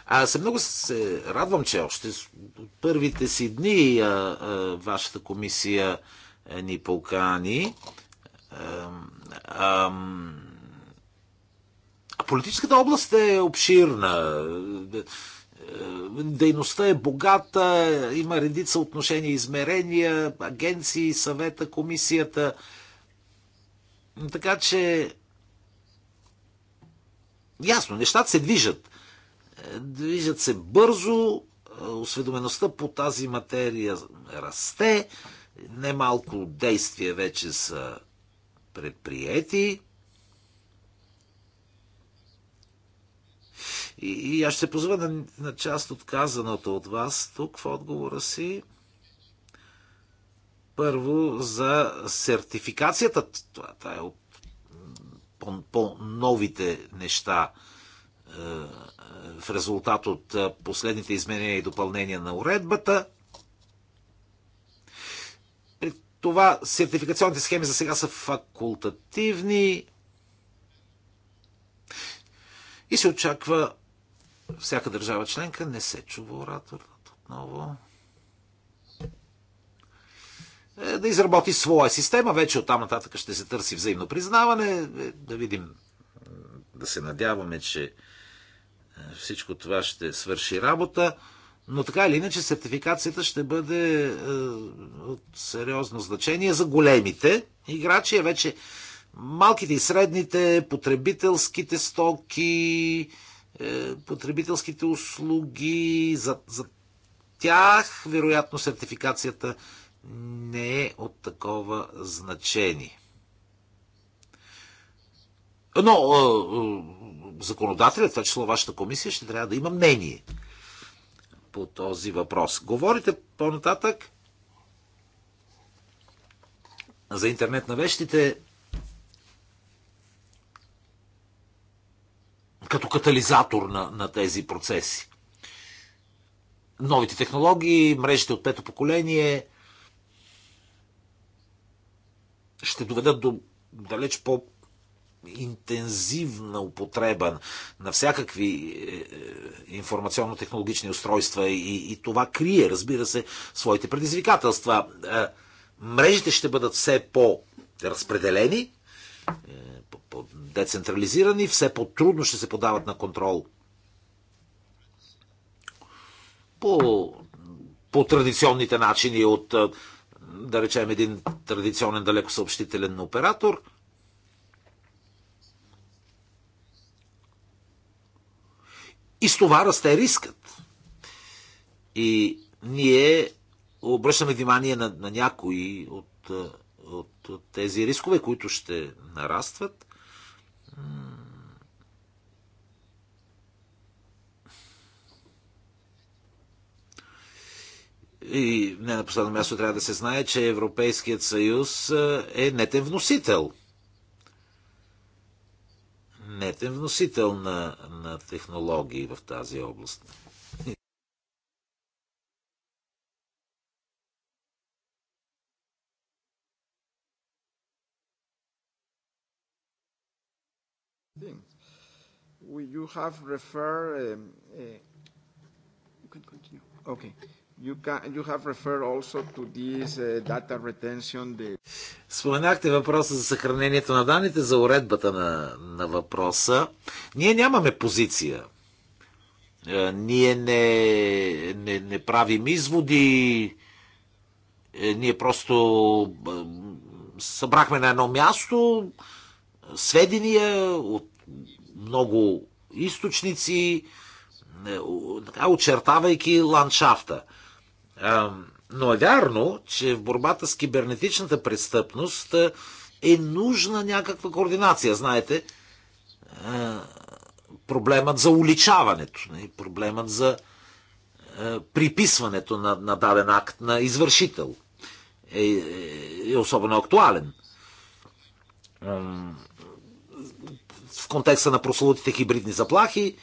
аз много се радвам, че още от първите си дни а, а, вашата комисия ни покани. А, а, политическата област е обширна. Дейността е богата, има редица отношения, измерения, агенции, съвета, комисията. Така че ясно, нещата се движат. Е, движат се бързо, е, осведомеността по тази материя расте, немалко действия вече са предприети. И, и аз ще позова на, на част от казаното от вас тук в отговора си. Първо за сертификацията. Това, това е по-новите неща е, в резултат от е, последните изменения и допълнения на уредбата. При това сертификационните схеми за сега са факултативни и се очаква всяка държава членка, не се чува ораторът отново. Е, да изработи своя система. Вече от там нататък ще се търси взаимно признаване. Е, да видим, да се надяваме, че е, всичко това ще свърши работа. Но така или иначе сертификацията ще бъде от сериозно значение за големите играчи, а вече малките и средните, потребителските стоки, потребителските услуги, за, за тях вероятно сертификацията не е от такова значение. Но законодателят, това число вашата комисия, ще трябва да има мнение по този въпрос. Говорите по-нататък за интернет на вещите като катализатор на, на тези процеси. Новите технологии, мрежите от пето поколение – ще доведат до далеч по интензивна употреба на всякакви е, е, информационно-технологични устройства и, и това крие, разбира се, своите предизвикателства. Е, мрежите ще бъдат все по-разпределени, по-децентрализирани, все по-трудно ще се подават на контрол по, по традиционните начини от да речем, един традиционен далекосъобщителен оператор. И с това расте рискът. И ние обръщаме внимание на, на някои от, от, от тези рискове, които ще нарастват И не на последно място трябва да се знае, че Европейският съюз е, е нетен вносител. Нетен вносител на, на технологии в тази област. You have referred. Um, uh, you can continue. Okay. You, can, you have referred also to this uh, data retention. The... Споменахте въпроса за съхранението на данните, за уредбата на, на въпроса. Ние нямаме позиция. Е, ние не, не, не правим изводи. Е, ние просто е, събрахме на едно място сведения от много източници, очертавайки ландшафта – но е вярно, че в борбата с кибернетичната престъпност е нужна някаква координация. Знаете, проблемът за уличаването, проблемът за приписването на, на даден акт на извършител е, е, е особено актуален. В контекста на прословутите хибридни заплахи,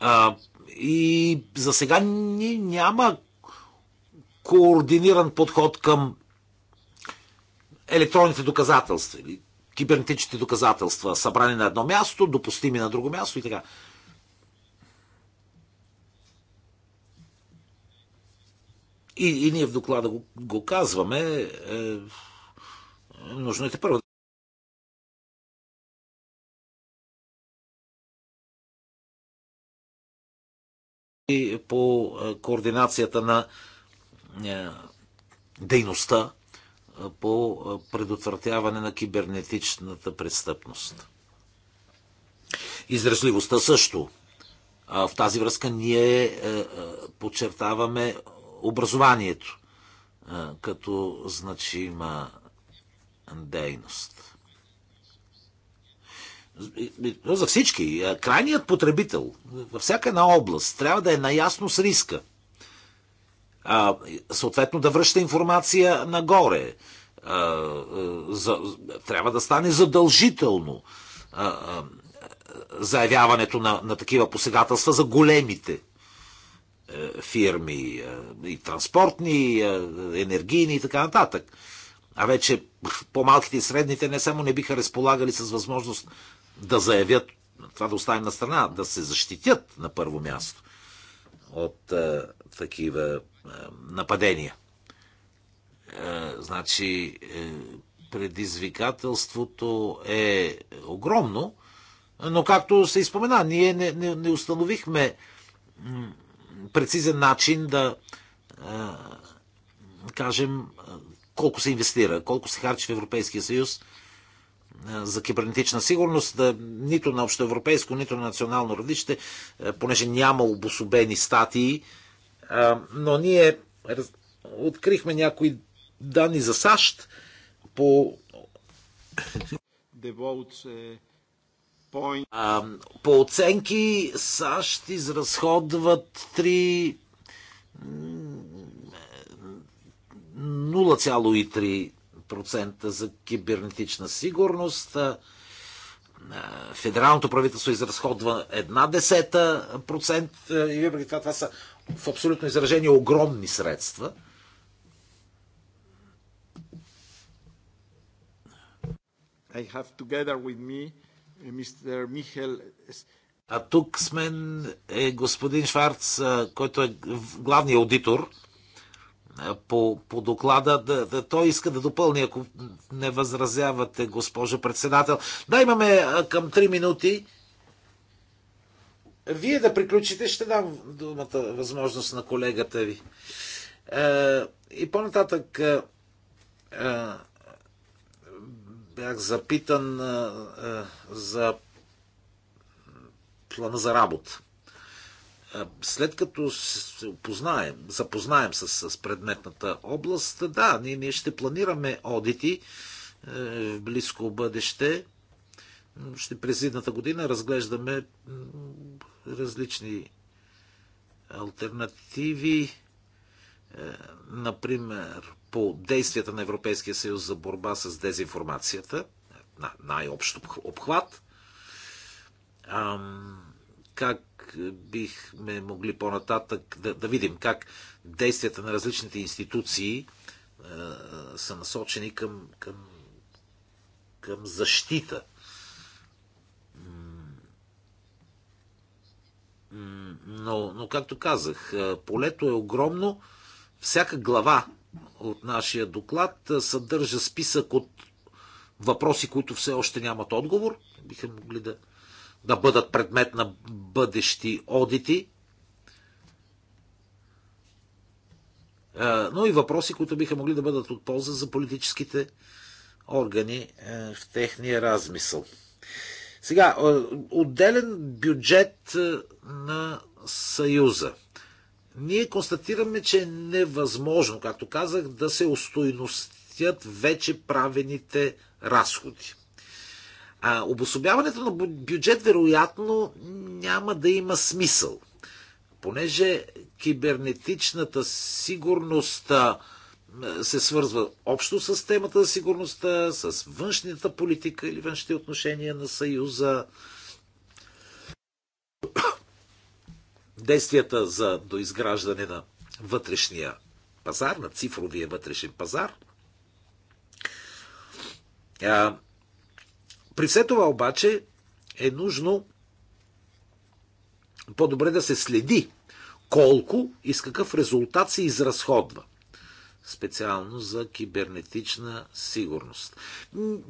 А, и за сега ни няма координиран подход към електронните доказателства или кибернетичните доказателства, събрани на едно място, допустими на друго място и така. И, и ние в доклада го, го казваме. Е, нужно е първо по координацията на дейността по предотвратяване на кибернетичната престъпност. Изразливостта също. В тази връзка ние е, е, подчертаваме образованието е, като значима дейност за всички, крайният потребител във всяка една област трябва да е наясно с риска. А, съответно да връща информация нагоре. А, за, трябва да стане задължително а, а, заявяването на, на такива посегателства за големите е, фирми, е, и транспортни, и е, енергийни и така нататък. А вече по-малките и средните не само не биха разполагали с възможност да заявят, това да оставим на страна, да се защитят на първо място от а, е, такива а, е, нападения. А, е, значи, а, предизвикателството е огромно, но както се изпомена, ние не, не, не установихме прецизен начин да а, кажем колко се инвестира, колко се харчи в Европейския съюз е, за кибернетична сигурност, да, нито на общоевропейско, нито на национално равнище, е, понеже няма обособени статии. Е, но ние открихме някои данни за САЩ по по оценки САЩ изразходват 3 0,3 процента за кибернетична сигурност. Федералното правителство изразходва една десета процент и въпреки това това са в абсолютно изражение огромни средства. I have together with me uh, Mr. Michael а тук с мен е господин Шварц, който е главният аудитор по, по доклада. Да, да, той иска да допълни, ако не възразявате, госпожо председател. Да, имаме към 3 минути. Вие да приключите, ще дам думата, възможност на колегата ви. Е, и по-нататък е, е, бях запитан е, за плана за работа. След като се опознаем, запознаем с, с предметната област, да, ние, ние ще планираме одити е, в близко бъдеще. Ще през едната година разглеждаме различни альтернативи, е, например, по действията на Европейския съюз за борба с дезинформацията, най-общ обхват. Ам как бихме могли по-нататък да, да видим как действията на различните институции е, са насочени към, към, към защита. Но, но, както казах, е, полето е огромно. Всяка глава от нашия доклад е, съдържа списък от въпроси, които все още нямат отговор. Биха могли да, да бъдат предмет на бъдещи одити, е, но и въпроси, които биха могли да бъдат от полза за политическите органи е, в техния размисъл. Сега, е, отделен бюджет на Съюза. Ние констатираме, че е невъзможно, както казах, да се устойностят вече правените разходи. А, обособяването на бюджет вероятно няма да има смисъл, понеже кибернетичната сигурност се свързва общо с темата за сигурността, с външната политика или външните отношения на Съюза, действията за доизграждане на вътрешния пазар, на цифровия вътрешен пазар. При все това обаче е нужно по-добре да се следи колко и с какъв резултат се изразходва. Специално за кибернетична сигурност.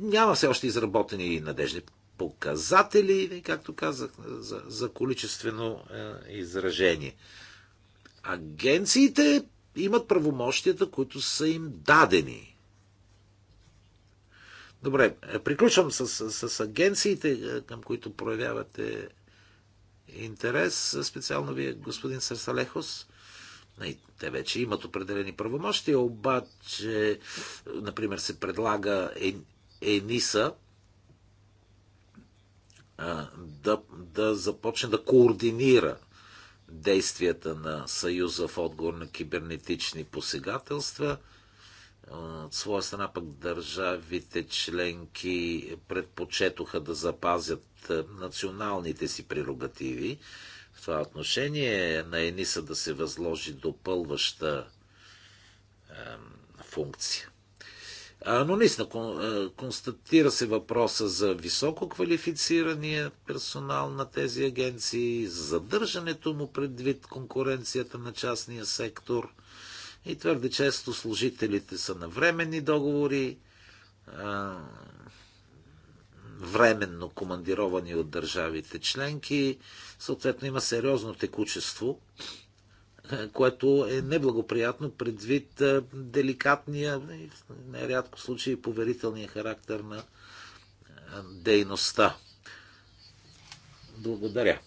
Няма все още изработени и надежни показатели, нали, както казах, за, за количествено е, изражение. Агенциите имат правомощията, които са им дадени Добре, е, приключвам с, с, с агенциите, е, към които проявявате интерес. Специално вие, господин Сърсалехос. те вече имат определени правомощия, обаче, например, се предлага е, ЕНИСА да, да започне да координира действията на Съюза в отговор на кибернетични посегателства – от своя страна пък държавите членки предпочетоха да запазят националните си прерогативи. В това отношение на ЕНИСА да се възложи допълваща функция. Но наистина констатира се въпроса за високо квалифицирания персонал на тези агенции, задържането му предвид конкуренцията на частния сектор – и твърде често служителите са на временни договори, временно командировани от държавите членки. Съответно има сериозно текучество, което е неблагоприятно предвид деликатния, в най-рядко случай поверителния характер на дейността. Благодаря.